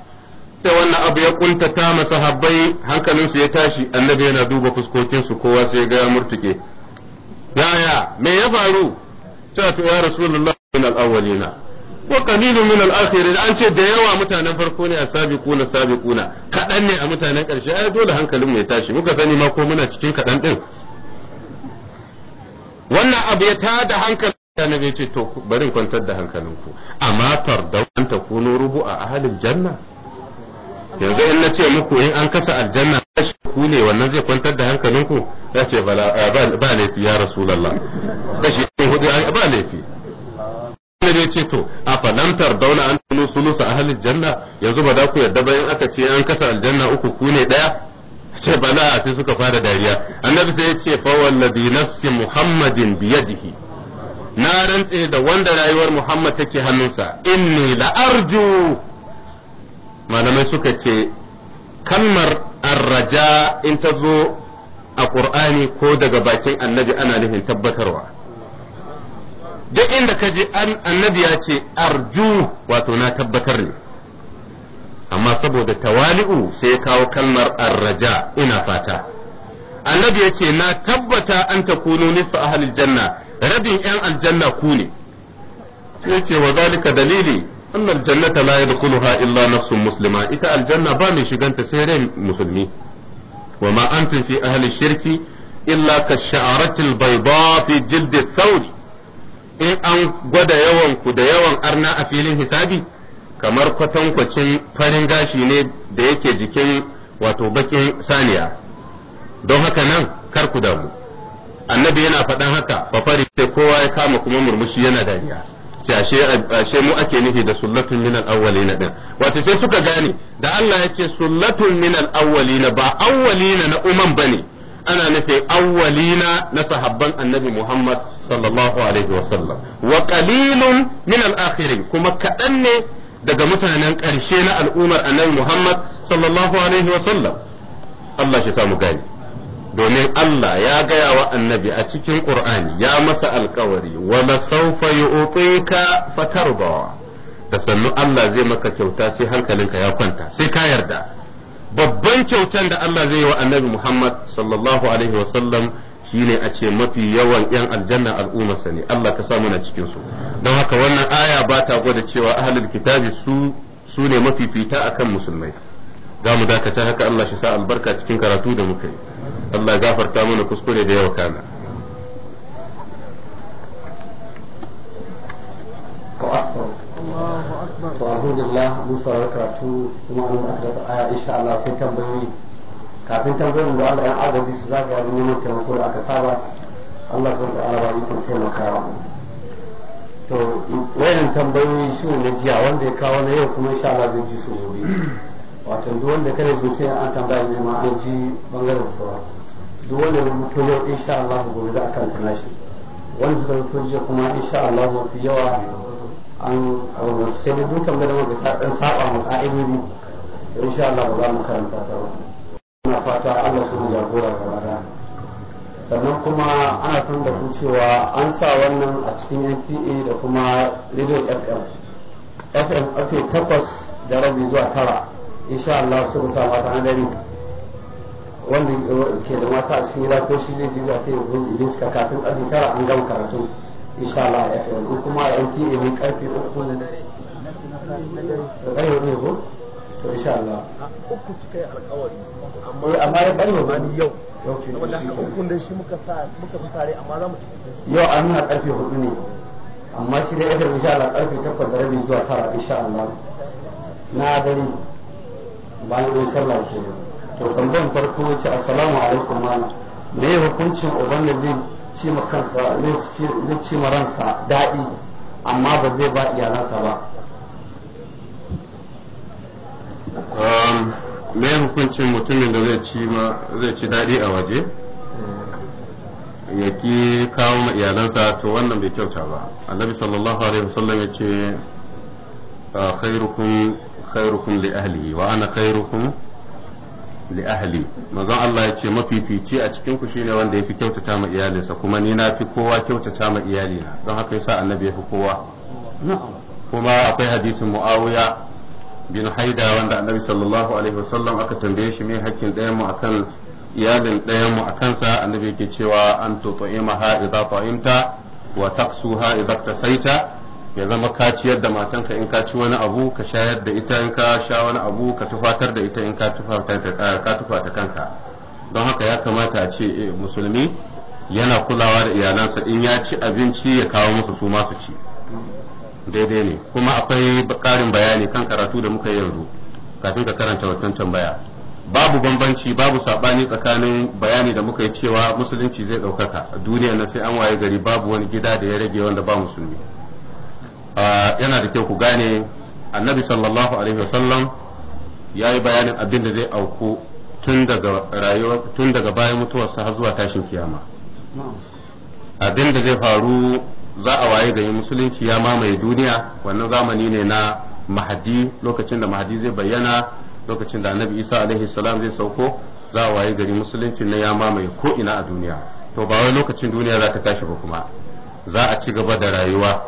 sai wannan abu ya kuntata ma sahabbai hankalinsu ya tashi annabi yana duba fuskokinsu kowa sai ga ya murtuke yaya me ya faru ta to ya rasulullah min al-awwalina wa qalilun min al-akhirin an ce da yawa mutanen farko ne a sabiquna sabiquna kadan ne a mutanen karshe ai dole hankalin mu ya tashi muka sani ma ko muna cikin kadan din wannan abu ya tada hankali annabi ce to barin kwantar da hankalinku amma tardau ta kuno rubu a ahalin janna yanzu in na ce muku in an kasa aljanna kashi ku ne wannan zai kwantar da hankalinku ya ce eh, ba laifi ya rasulallah kashi ɗin hudu ba laifi annabi ce to a falam daula an kuno sulusa ahalin janna yanzu ba da ku yarda ba in aka ce an kasa aljanna uku ku ne daya. ce bala sai suka fara dariya annabi sai ya ce fa wallazi nafsi muhammadin biyadihi na rantse da wanda rayuwar Muhammad take hannunsa inni la'arju malamai suka ce kalmar arraja in ta zo a ƙur'ani ko daga bakin annabi ana nufin tabbatarwa duk inda ka ji annabi ya ce arju wato na tabbatar ne amma saboda tawali'u sai ya kawo kalmar arraja ina fata annabi ya ce na tabbata an ta nisa a ahlil janna rabin ‘yan aljanna ku ne, sai ce wa zalika dalili, annal jannata la yadkhuluha illa nafsun muslima ita aljanna ba mai shiganta sai rai musulmi wa ma antum fi ahli shirki illa ka sha'aratil bayda fi jildi in an gwada yawan ku da yawan arna a filin hisabi kamar kwatankwacin farin gashi ne da yake jikin wato bakin saniya don haka nan kar ku damu annabi yana faɗan haka fafari sai kowa ya kama kuma murmushi yana dariya sai ashe mu ake nufi da sullatun min al-awwalin din wato sai suka gane da Allah ya ce sullatun min al-awwalin ba awwalin na umman bane ana nufin awwalin na sahabban annabi Muhammad sallallahu alaihi wasallam wa qalilun min al-akhirin kuma kadan ne daga mutanen ƙarshe na al'ummar annabi Muhammad sallallahu alaihi wasallam Allah shi samu gani domin Allah ya gaya wa annabi a cikin Ƙur'ani ya masa alkawari wala saufa yu'tika fatarda da sannu Allah zai maka kyauta sai hankalinka ya kwanta sai ka yarda babban kyautan da Allah zai yi wa annabi Muhammad sallallahu alaihi wa sallam shine a ce mafi yawan yan aljanna al'ummarsa ne Allah ka sa muna cikin su don haka wannan aya ba ta gwada cewa ahalin kitabi su su ne mafifita akan musulmai za mu dakata haka Allah shi sa albarka cikin karatu da muka yi Allah gafarta mana kuskure da yawa kana to alhamdulillah mun saurari karatu kuma an da aya insha Allah sai tambayoyi kafin tambayoyin da Allah ya agaji su za ga neman taimako da aka saba Allah subhanahu wa ta'ala ba taimakawa to wayan tambayoyi shi ne na jiya wanda ya kawo na yau kuma insha Allah zai ji su gobe wato duk wanda ka rubuce an tambaya ne ma an ji bangaren fura duk wanda ya rubuto yau insha Allah gobe za a shi wanda suka rubuto jiya kuma insha Allah mafi yawa an rubuta sai dai duk tambayar da muka dan saba mu ka'idodi insha Allah ba za mu karanta ta ba ina fata Allah su jagora gaba sannan kuma ana son da ku cewa an sa wannan a cikin NTA da kuma Radio FM FM ake takwas da rabi zuwa tara insha Allah su rufa mata na dare wanda ke da mata a cikin gida ko shi ne jiza sai yanzu idan suka kafin azumi tara an gama karatu insha Allah ya kai yanzu kuma a yanki ne mai karfe uku na dare ƙarfe ne ko to insha Allah uku suka yi alƙawari amma ya bari ma ni yau saboda haka ukun da shi muka sa muka fi sare amma za mu yau an nuna ƙarfe hudu ne amma shi dai ya karbi insha Allah ƙarfe takwas da rabi zuwa tara insha Allah na dare bayan mun sallah ke to tambayan farko yace assalamu alaikum mana me ya hukuncin uban da zai ci ma kansa zai ci ma ransa daɗi amma ba zai ba iyalansa ba um, me ya hukuncin mutumin da zai ci ma zai ci daɗi a waje ya ki kawo ma iyalansa to wannan bai kyauta ba annabi sallallahu alaihi wasallam ya ce ah, khairukum khairukum li ahlihi wa ana khairukum li ahli manzon Allah ya ce mafifici a cikin ku shine wanda yafi kyautata ma iyalinsa kuma ni na fi kowa kyautata ma iyalina don haka yasa annabi yafi kowa kuma akwai hadisin muawiya bin haida wanda annabi sallallahu alaihi wasallam aka tambaye shi me hakkin ɗayan mu akan iyalin ɗayan mu akan sa annabi yake cewa an tut'imaha idza ta'imta wa taqsuha idza tasaita ya zama ka ciyar da matanka in ka ci wani abu ka shayar da ita in ka sha wani abu ka tufatar da ita in ka eh, tufata kanka don haka ya kamata a ce eh, musulmi yana kulawa da iyalansa in ya ci abinci ya kawo musu su masu ci daidai ne kuma akwai karin bayani kan karatu da muka yi yanzu kafin ka karanta wannan tambaya babu bambanci babu saɓani tsakanin bayani da muka yi cewa musulunci zai ɗaukaka duniya na sai an waye gari babu wani gida da ya rage wanda ba musulmi Ah, yana da kyau ku gane annabi sallallahu alaihi wasallam ya yi bayanin abin da zai auku tun daga bayan mutuwarsa har zuwa tashin kiyama abin da zai faru za a waye gari musulunci ya mamaye duniya wannan zamani ne na mahadi lokacin da mahadi zai bayyana lokacin da annabi isa alaihi salam zai sauko za a waye gari musulunci na ya mamaye ko ina a duniya to ba wai lokacin duniya za ta tashi ba kuma za a ci gaba da rayuwa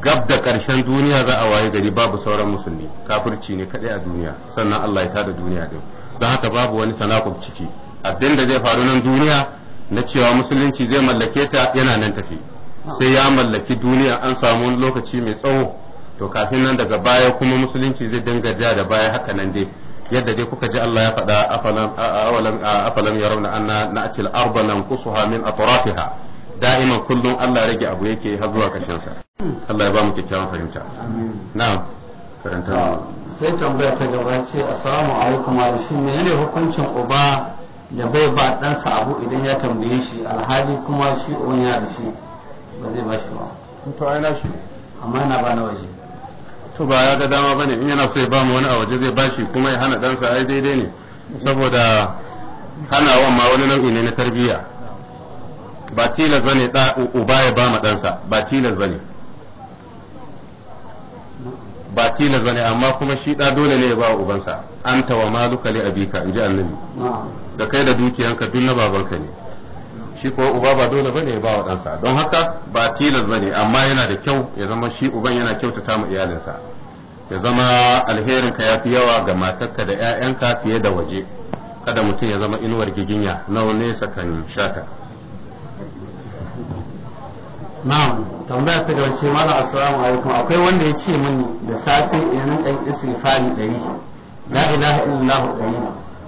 gab da ƙarshen duniya za a waye gari babu sauran musulmi kafirci ne kaɗai a duniya sannan Allah ya tada duniya din don haka babu wani tanakub ciki abin da zai faru nan duniya na cewa musulunci zai mallake ta yana nan tafi sai ya mallaki duniya an samu lokaci mai tsawo to kafin nan daga baya kuma musulunci zai dinga ja da baya haka nan dai yadda dai kuka ji Allah ya faɗa afalam afalam yarawna anna na'til lan nanqusuha min atrafiha da'iman kullum Allah rage abu yake har zuwa ƙarshen sa Allah ya ba mu kyakkyawan fahimta na'am karanta sai tambaya ta gaba ce assalamu alaikum wa shi yana hukuncin uba da bai ba ɗansa abu idan ya tambaye shi alhali kuma shi uban ya da shi ba zai ba shi ba to ai na shi amma yana ba na waje to ba ya ga dama bane in yana so ya ba mu wani a waje zai ba shi kuma ya hana ɗansa ai daidai ne saboda hanawan ma wani nau'i ne na tarbiyya ba tilas bane da uba ya ba ɗansa ba tilas bane ba tilas bane amma kuma shi da dole ne ya ba ubansa anta wa maluka li abika inji annabi da kai da dukiyanka duk na babanka ne shi ko uba ba dole bane ya ba wa ɗansa don haka ba tilas bane amma yana da kyau ya zama shi uban yana kyautata ma iyalinsa ya zama alherinka ya fi yawa ga matarka da 'ya'yanka fiye da waje kada mutum ya zama inuwar giginya na nesa kan shata na'am tambaya ta gabace ma mala assalamu alaikum akwai wanda ya ce mini da safe idan ɗan istighfari ɗari la ilaha illallah dari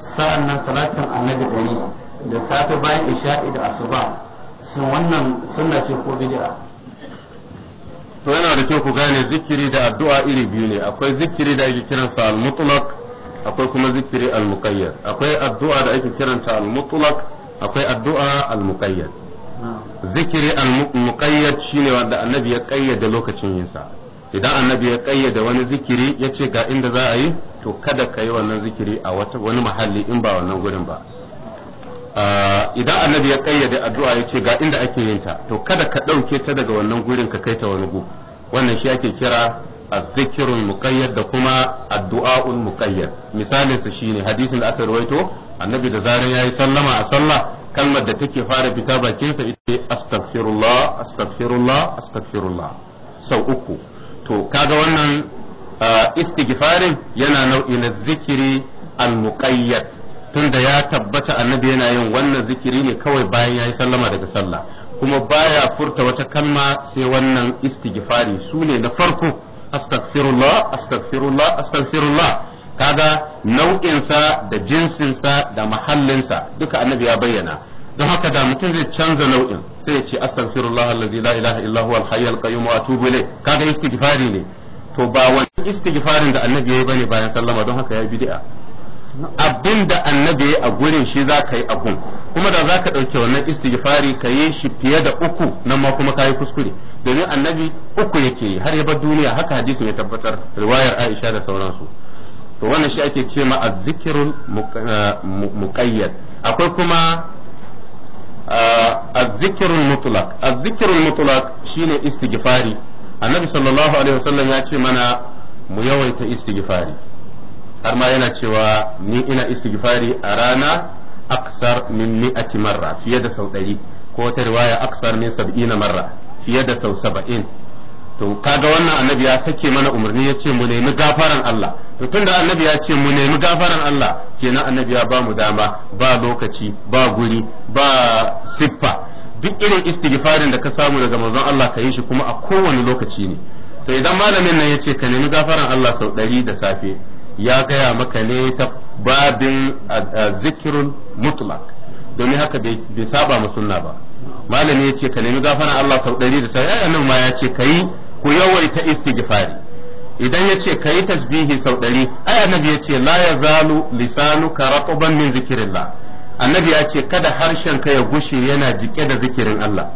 sa'an nan salatin annabi ɗari da safe bayan isha'i da asuba sun wannan sunna ce ko bid'a to yana da kyau ku gane zikiri da addu'a iri biyu ne akwai zikiri da ake kiransa al-mutlaq akwai kuma zikiri al-muqayyad akwai addu'a da ake kiranta al-mutlaq akwai addu'a al-muqayyad zikiri al-muqayyad shine wanda annabi ya kayyade lokacin yinsa idan annabi ya kayyade wani zikiri ya ce ga inda za a yi to kada ka yi wannan zikiri a wani mahalli in ba wannan gurin ba ah, idan annabi ya kayyade addu'a yace ce ga inda ake yin ta to kada ka ɗauke ta daga wannan gurin ka kai ta wani gu wannan shi ake kira azzikirul muqayyad da kuma addu'a'ul muqayyad misalin sa shine hadisin da aka rawaito annabi da zaran yayi sallama a sallah kalmar da take fara fita bakinsa ita astaghfirullah astaghfirullah astaghfirullah sau uku to kaga wannan istighfarin yana nau'i na zikiri al-muqayyad tunda ya tabbata annabi yana yin wannan zikiri ne kawai bayan yayi sallama daga sallah kuma baya furta wata kalma sai wannan istighfari su ne na farko astaghfirullah astaghfirullah astaghfirullah kaga nau'insa da jinsinsa da mahallinsa duka annabi ya bayyana don haka da mutum zai canza nau'in sai ya ce astaghfirullah allazi la ilaha illa huwa al al qayyum wa atubu ilayh kaga istighfari ne to ba wani istighfarin da annabi ya yi bane bayan sallama don haka ya yi bid'a abin da annabi yayi a gurin shi za ka yi a gun kuma da za ka ɗauke wannan istighfari ka yi shi fiye da uku nan ma kuma ka yi kuskure domin annabi uku yake har ya bar duniya haka hadisin ya tabbatar riwayar Aisha da sauransu to wannan shi ake ce ma azzikirul eh, muqayyad akwai kuma eh, azzikirul mutlaq azzikirul mutlaq shine istighfari annabi sallallahu alaihi wasallam ya ce mana mu yawaita istighfari har ma yana cewa ni ina istighfari a rana aksar min mi'ati marra fiye da sau ɗari ko ta riwaya aksar min sab'ina marra fiye da sau saba'in to kaga wannan annabi ya sake mana umarni ya ce mu nemi gafaran Allah to tunda annabi ya ce mu nemi gafaran Allah kenan annabi ya ba mu dama ba lokaci ba guri ba siffa duk irin istighfarin da ka samu daga manzon Allah ka yi shi kuma a kowane lokaci ne to idan malamin nan ya ce ka nemi gafaran Allah sau ɗari da safe ya gaya maka ne ta babin zikirun mutlak domin haka bai saba ma sunna ba malami ya ce ka nemi gafaran Allah sau ɗari da safe eh, ai nan ma ya ce ka yi ku yawaita istighfari idan yace kayi tasbihi sau ɗari ai annabi yace ce la zalu lisanu ka min zikirillah annabi ya ce kada harshen ka ya gushe yana jike da zikirin Allah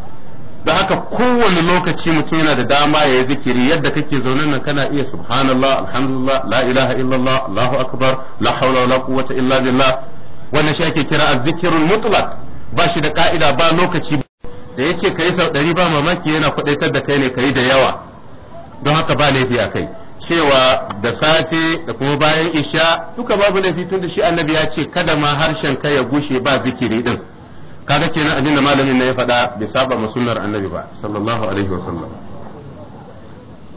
da haka kowane lokaci mutum yana da dama ya yi zikiri yadda kake zaune nan kana iya subhanallah alhamdulillah la ilaha illallah allahu akbar la hawla wala quwwata illa billah wannan shi ake kira azzikirul mutlaq ba shi da ka'ida ba lokaci da yace kai sau ɗari ba mamaki yana kwadaitar da kai ne kai da yawa don haka ba laifi a kai cewa da safe da kuma bayan isha duka babu laifi tun da shi annabi ya ce kada ma harshen ka ya gushe ba zikiri din kaga kenan abin da malamin na ya faɗa bai saba ma sunnar annabi ba sallallahu alaihi wa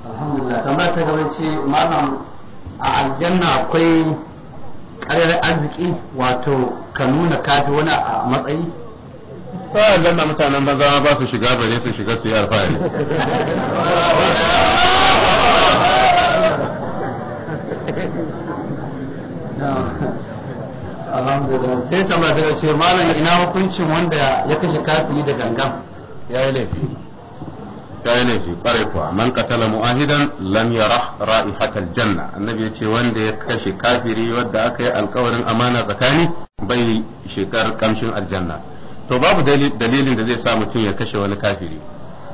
alhamdulillah kamar ta gaban malam a aljanna akwai ƙarar arziki wato ka nuna kafi wani a matsayi sai na mutanen banza ba su shiga bare su shiga su yi alfahari alhamdulillah sai tambaya ce malam ina hukuncin wanda ya kashe kafiri da gangan ya yi laifi ya yi laifi kwarai kuwa man katala mu'ahidan lam ra'i ra'ihatal janna annabi ya ce wanda ya kashe kafiri wadda aka yi alkawarin amana tsakani bai shekar kamshin aljanna to babu dalilin da zai sa mutum ya kashe wani kafiri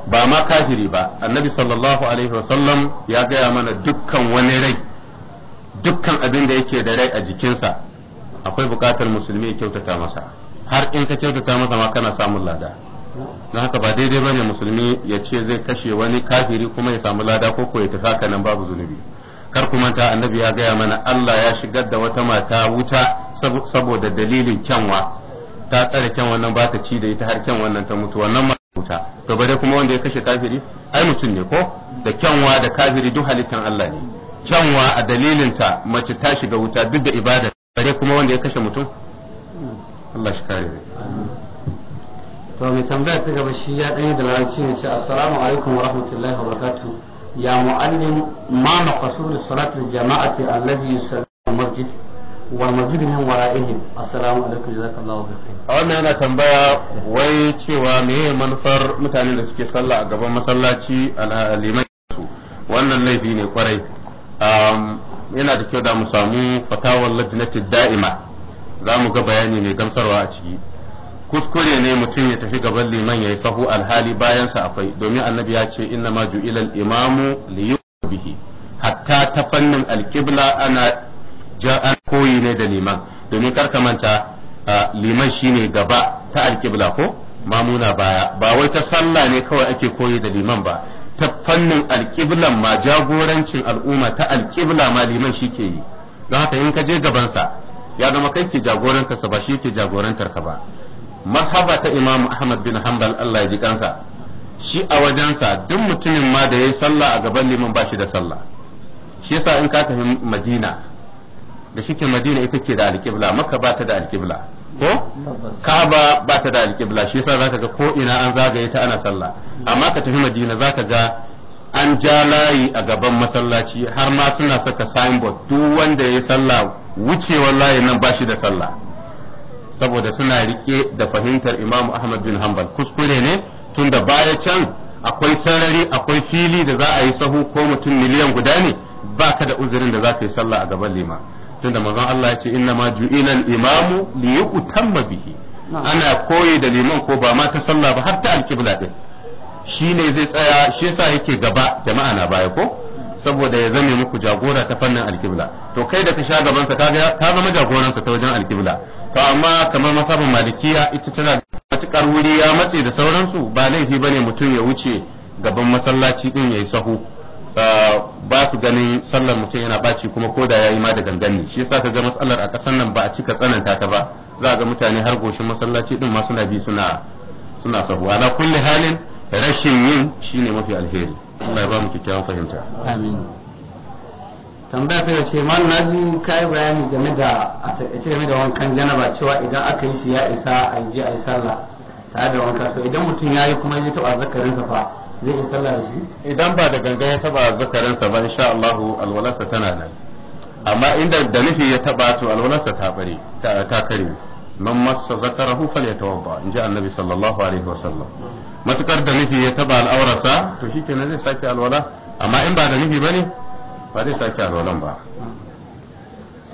ba ma kafiri ba annabi sallallahu alaihi wasallam ya gaya mana dukkan wani rai dukkan abin da yake da rai a jikinsa akwai bukatar musulmi ya kyautata masa har in ka kyautata masa ma kana samun lada na haka ba daidai bane musulmi ya ce zai kashe wani kafiri kuma ya samu lada ko ko ya tafi haka nan babu zunubi kar kuma ta annabi ya gaya mana Allah ya shigar da wata mata wuta saboda dalilin kyanwa ta tsare kyan wannan ba ta ci da ita har kyan wannan ta mutu wannan ma wuta gaba da kuma wanda ya kashe kafiri ai mutum ne ko da kyanwa da kafiri duk halittan Allah ne kyanwa a dalilin ta mace ta shiga wuta duk da ibada bare kuma wanda ya kashe mutum Allah shi kare to mai tambaya ta gaba shi ya dani da larabci ne ce assalamu alaikum wa rahmatullahi wa barakatuh ya mu'allim ma maqsud salati jama'ati allazi yusalli al-masjid wal mazid min wara'ihim assalamu alaikum jazakallahu khair a wannan yana tambaya wai cewa meye manufar mutanen da suke sallah a gaban masallaci al'alimai su wannan laifi ne kwarai yana da kyau da mu samu fatawar lajnati da'ima za mu ga bayani mai gamsarwa a ciki kuskure ne mutum ya tafi gaban liman ya sahu alhali bayansa akwai domin annabi ya ce inna ma ju'ilal imamu li bihi hatta ta fannin alkibla ana ja'an koyi ne da liman domin karka manta liman shine gaba ta alƙibla ko mamuna baya ba wai ta sallah ne kawai ake koyi da liman ba ta fannin alƙiblan ma jagorancin al'umma ta alƙibla ma liman shi ke yi don haka in ka je gabansa ya zama kai ke jagorantarsa ba shi ke jagorantar ka ba Mahaba ta imamu ahmad bin hanbal allah ya ji kansa shi a wajensa duk mutumin ma da ya sallah a gaban liman ba shi da sallah shi yasa in ka tafi madina da ke madina ita ke da alƙibla maka ba ta da alƙibla ko kaba ba ta da alƙibla shi yasa zaka ga ko ina an zagaye ta ana sallah amma ka tafi madina zaka ga an ja layi a gaban masallaci har ma suna saka signboard duk wanda ya yi sallah wucewar layin nan ba shi da sallah saboda suna rike da fahimtar imam ahmad bin hanbal kuskure ne tunda baya can akwai sarari akwai fili da za a yi sahu ko mutum miliyan guda ne baka da uzurin da za ka yi sallah a gaban liman tunda manzon Allah yake inna ma ju'ina al-imamu li yutamma bihi ana koyi da liman ko ba ma ta sallah ba har ta al-qibla din shine zai tsaya shi yasa yake gaba jama'a na baya ko saboda ya zame muku jagora ta fannin al alkibla to kai da ka sha gaban sa kaga ka zama jagoran sa ta wajen al alkibla to amma kamar masabin malikiya ita tana matukar wuri ya matse da sauransu ba laifi bane mutum ya wuce gaban masallaci din yayi sahu ba su ganin sallar mutum yana baci kuma ko da yayi ma da gangani shi yasa ka ga matsalar a kasan nan ba a cika tsananta ta ba za ga mutane har goshin masallaci din ma suna bi suna suna sahuwa na kulli halin rashin yin shine mafi alheri Allah ya ba mu kyakkyawan fahimta amin tambaya ta ce mal na ji kai bayani game da a takaice game da wankan janaba cewa idan aka yi shi ya isa a je a yi sallah tare da wanka so idan mutum ya yi kuma ya taɓa zakarinsa fa zai yi sallah da shi idan ba da ganga ya taba zakarinsa ba insha Allah alwalarsa tana nan amma inda da nufi ya taba to alwalarsa ta bare ta kare man massa zakarahu yatawabba in ji annabi sallallahu alaihi wa sallam. matukar da nufi ya taba al'aurarsa to shikenan zai sake alwala amma in ba da nufi bane ba zai sake alwalan ba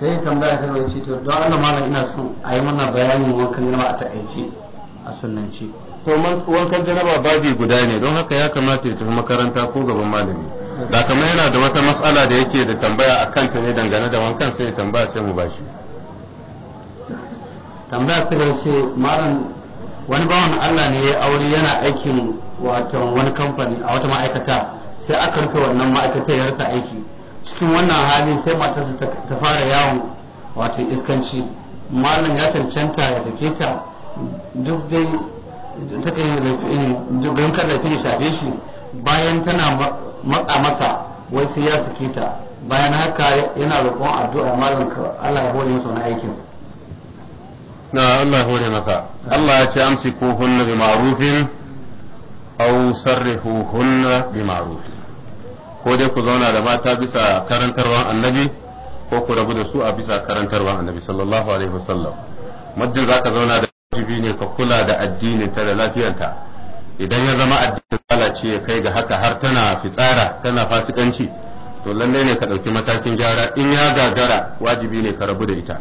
sai tambaya ta ce to don Allah malam ina so a yi mana bayanin wankan yana a takaice a sunnanci to wankan janaba babi guda ne don haka ya kamata ya tafi makaranta ko gaban malami da kamar yana da wata matsala da yake da tambaya a kanta ne dangane da wankan sai tambaya sai mu bashi tambaya ta ce malam wani bawan Allah ne ya aure yana aikin wato wani kamfani a wata ma'aikata sai aka rufe wannan ma'aikata ya rasa aiki cikin wannan hali sai matarsa ta fara yawon wato iskanci malam ya cancanta ya tafi ta duk dai ta kan don kar laifin ya shafe shi bayan tana matsa masa wai sai ya suke ta bayan haka yana roƙon addu'a malam Allah ya hore masa wani aikin na Allah ya hore masa Allah ya ce amsiku hunna bi ma'rufin aw sarrihu hunna bi ma'ruf ko dai ku zauna da mata bisa karantarwan annabi ko ku rabu da su a bisa karantarwan annabi sallallahu alaihi wasallam muddin zaka zauna da wajibi ne ka kula da ta da lafiyarta idan ya zama addinin lalace ya kai ga haka har tana fitsara tana fasikanci to lallai ne ka ɗauki matakin gyara in ya gagara wajibi ne ka rabu da ita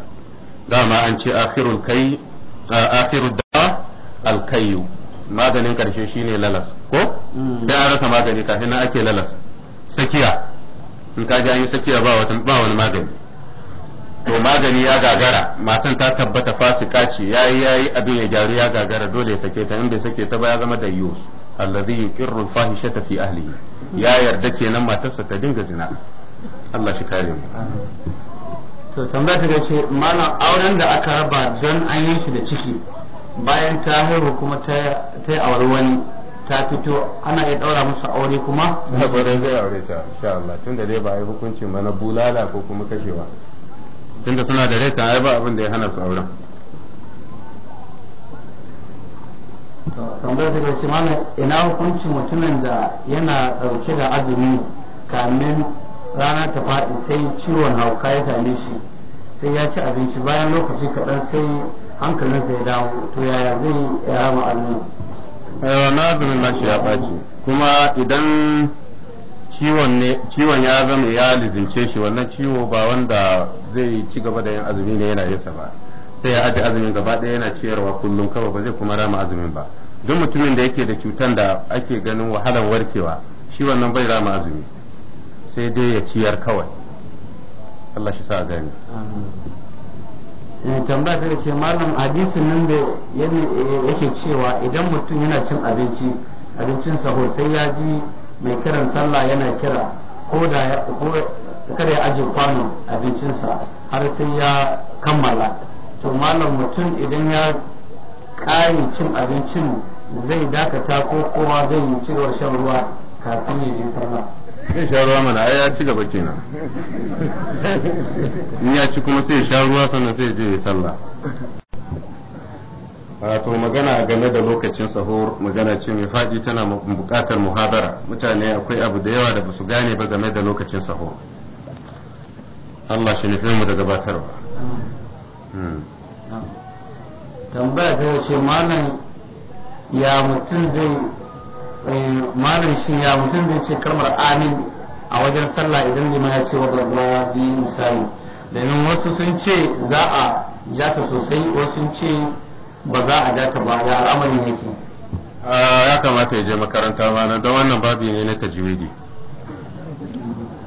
dama an ce akhirul kai akhirud da alkayu maganin karshe shine lalas ko mm. da an rasa magani kafin nan ake lalas sakiya in ka ji an yi sakiya ba wani magani to magani ya gagara matan ta tabbata fasika ce yayi yayi abin ya gyaru ya gagara dole ya sake ta inda sake ta ba ya zama da yus allazi yuqirru fahishata fi ahlihi ya yarda kenan matarsa ta dinga zina Allah shi kare mu to tambaya ta ce malam auren da aka raba don an yi shi da ciki bayan ta haihu kuma ta yi aure wani ta fito ana iya daura musu aure kuma? Na zai aure ta, insha Allah, tunda dai ba a hukunci mana bulala ko kuma kashewa. tunda suna da rai ta ba abin da ya hana su auren tambayar da gaske mana ina hukuncin mutumin da yana dauke da azumi kamin rana ta faɗi sai ciwon hauka ya same shi sai ya ci abinci bayan lokaci kaɗan sai hankalinsa ya dawo to yaya zai ya rama azumi eh, na azumin nashi ya ɓaci kuma idan ciwon ya zama ya lizince shi wannan ciwo ba wanda zai ci gaba da yin azumi ne yana yasa ba sai ya ajiye azumin gaba ɗaya yana ciyarwa kullum kawai ba zai kuma rama azumin ba duk mutumin da yake da cutan da ake ganin wahalar warkewa shi wannan bai rama azumi sai dai ya ciyar kawai Allah shi sa gani eh, tambaya ta ce malam hadisin nan da yake cewa idan mutum yana cin abinci abincin sahur sai ya ji mai kiran sallah yana kira ko da ya kada ya aje kwano abincinsa har sai ya kammala to malam mutum idan ya ƙari cin abincin zai dakata ko kowa zai yi cewar shan ruwa kafin ya yi sallah zai sha ruwa mana ai ya ci gaba kenan in ya ci kuma sai sharuwa sha ruwa sannan sai je ya sallah wato magana game da lokacin sahur magana ce mai faɗi tana buƙatar muhabara mutane akwai abu da yawa da ba su gane ba game da lokacin sahur Allah shi nufin mu da gabatarwa hmm. tambaya ta ce malam ya mutum zai eh, malam shi ya mutum zai ce kalmar amin a wajen sallah idan liman ya ce wa zarba biyu misali domin wasu sun ce za a jata sosai wasu sun ce ba za a ja ba ya ne yake ya kamata ya je makaranta ma don wannan babi ne na tajwidi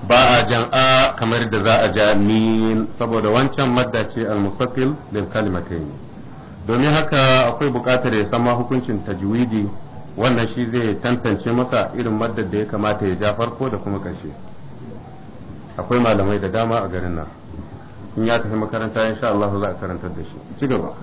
ba a jan a kamar da za a ja min saboda wancan madda ce al-mustaqil lil kalimatayn domin haka akwai bukatar ya sama hukuncin tajwidi wannan shi zai tantance masa irin madda da ya kamata ya ja farko da kuma ƙarshe akwai malamai da dama a garin nan in ya tafi makaranta insha Allah za a karantar da shi ci gaba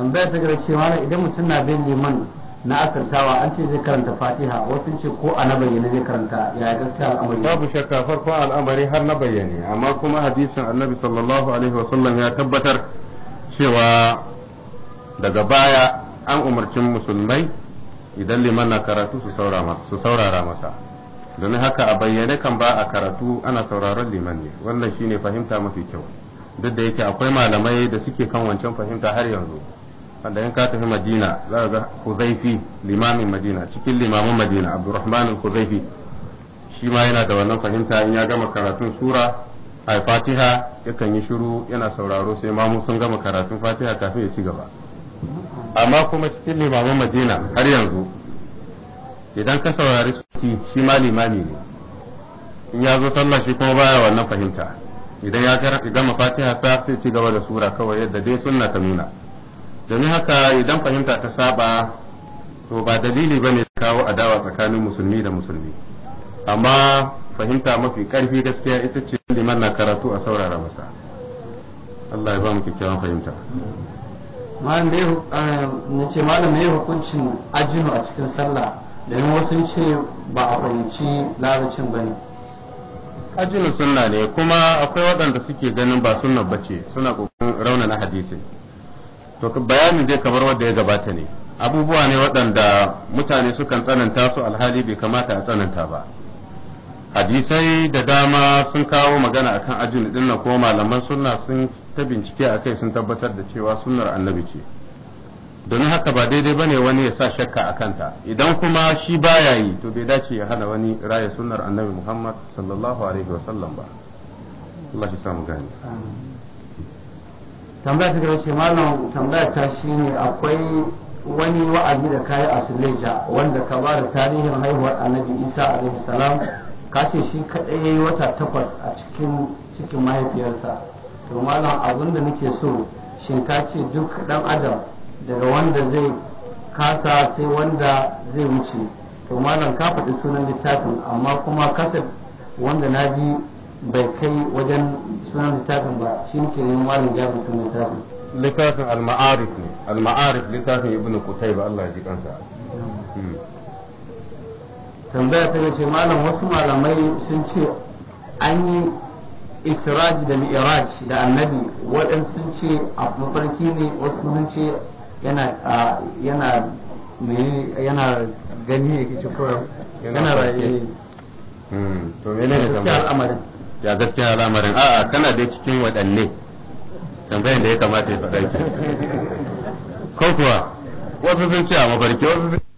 tambaya ta gaba cewa idan mutum na bin liman na asaltawa an ce zai karanta fatiha wasu ce ko a na bayyane zai karanta ya gaskiya al'amari babu shakka farko al'amari har na bayyane amma kuma hadisin annabi sallallahu alaihi wa ya tabbatar cewa daga baya an umarcin musulmai idan liman na karatu su saurara masa domin haka a bayyane kan ba a karatu ana sauraron liman ne wannan shine fahimta mafi kyau duk da yake akwai malamai da suke kan wancan fahimta har yanzu wanda in ka tafi madina za ga kuzaifi limamin madina cikin limamin madina abdurrahman al kuzaifi shi ma yana da wannan fahimta in ya gama karatun sura a fatiha yakan yi shiru yana sauraro sai ma sun gama karatun fatiha kafin ya ci gaba amma kuma cikin limamin madina har yanzu idan ka saurari sufi shi ma limami ne in ya zo sallah shi kuma baya wannan fahimta idan ya gama fatiha ta sai ci gaba da sura kawai yadda dai sunna ta nuna domin haka idan fahimta ta saba to ba dalili ba ne kawo adawa tsakanin musulmi da musulmi amma fahimta mafi karfi gaskiya ita ce liman na karatu a saurara masa Allah ya ba mu kyakkyawan fahimta malam eh, ce malam ne hukuncin ajinu a cikin sallah domin wasu ce ba a fahimci larabcin ba ne ajinu sunna ne kuma akwai waɗanda suke ganin ba sunna bace suna kokarin raunana hadisin to bayanin zai kamar wanda ya gabata ne abubuwa ne waɗanda mutane sukan tsananta su alhali bai kamata a tsananta ba hadisai da dama sun kawo magana akan ajin din nan ko malaman sunna sun ta bincike a kai sun tabbatar da cewa sunnar annabi ce domin haka ba daidai bane wani ya sa shakka a kanta idan kuma shi baya yi to bai dace ya hana wani raya sunnar annabi muhammad sallallahu alaihi wasallam ba Allah ya samu gani tambaya ta shi mallam malam tambaya ta ne akwai wani wa'azi da kayi a Suleja wanda ka ba da tarihin haihuwar Annabi Isa alaihi salam ka ce shi kadai yayi wata takwas a cikin cikin mahaifiyarsa to malam abin da nake so shin ka ce duk dan adam daga wanda zai kasa sai wanda zai wuce to malam ka faɗi sunan littafin amma kuma kasa wanda na ji bai kai wajen sunan littafin ba shi ke yin wani jabin tun littafin littafin al-ma'arif ne al-ma'arif littafin ibnu kutayba Allah ya ji kansa hmm. tambaya ta ce malam wasu malamai sun ce an yi israj da mi'raj da annabi waɗansu sun ce a mafarki ne wasu sun ce yana yana yana gani yake cikin yana raye hmm. to menene al'amarin ya gaskiya lamarin a'a kana da cikin waɗanne tambayar da ya kamata ya faɗa ke ko kuwa wasu sun ce a mafarki wasu sun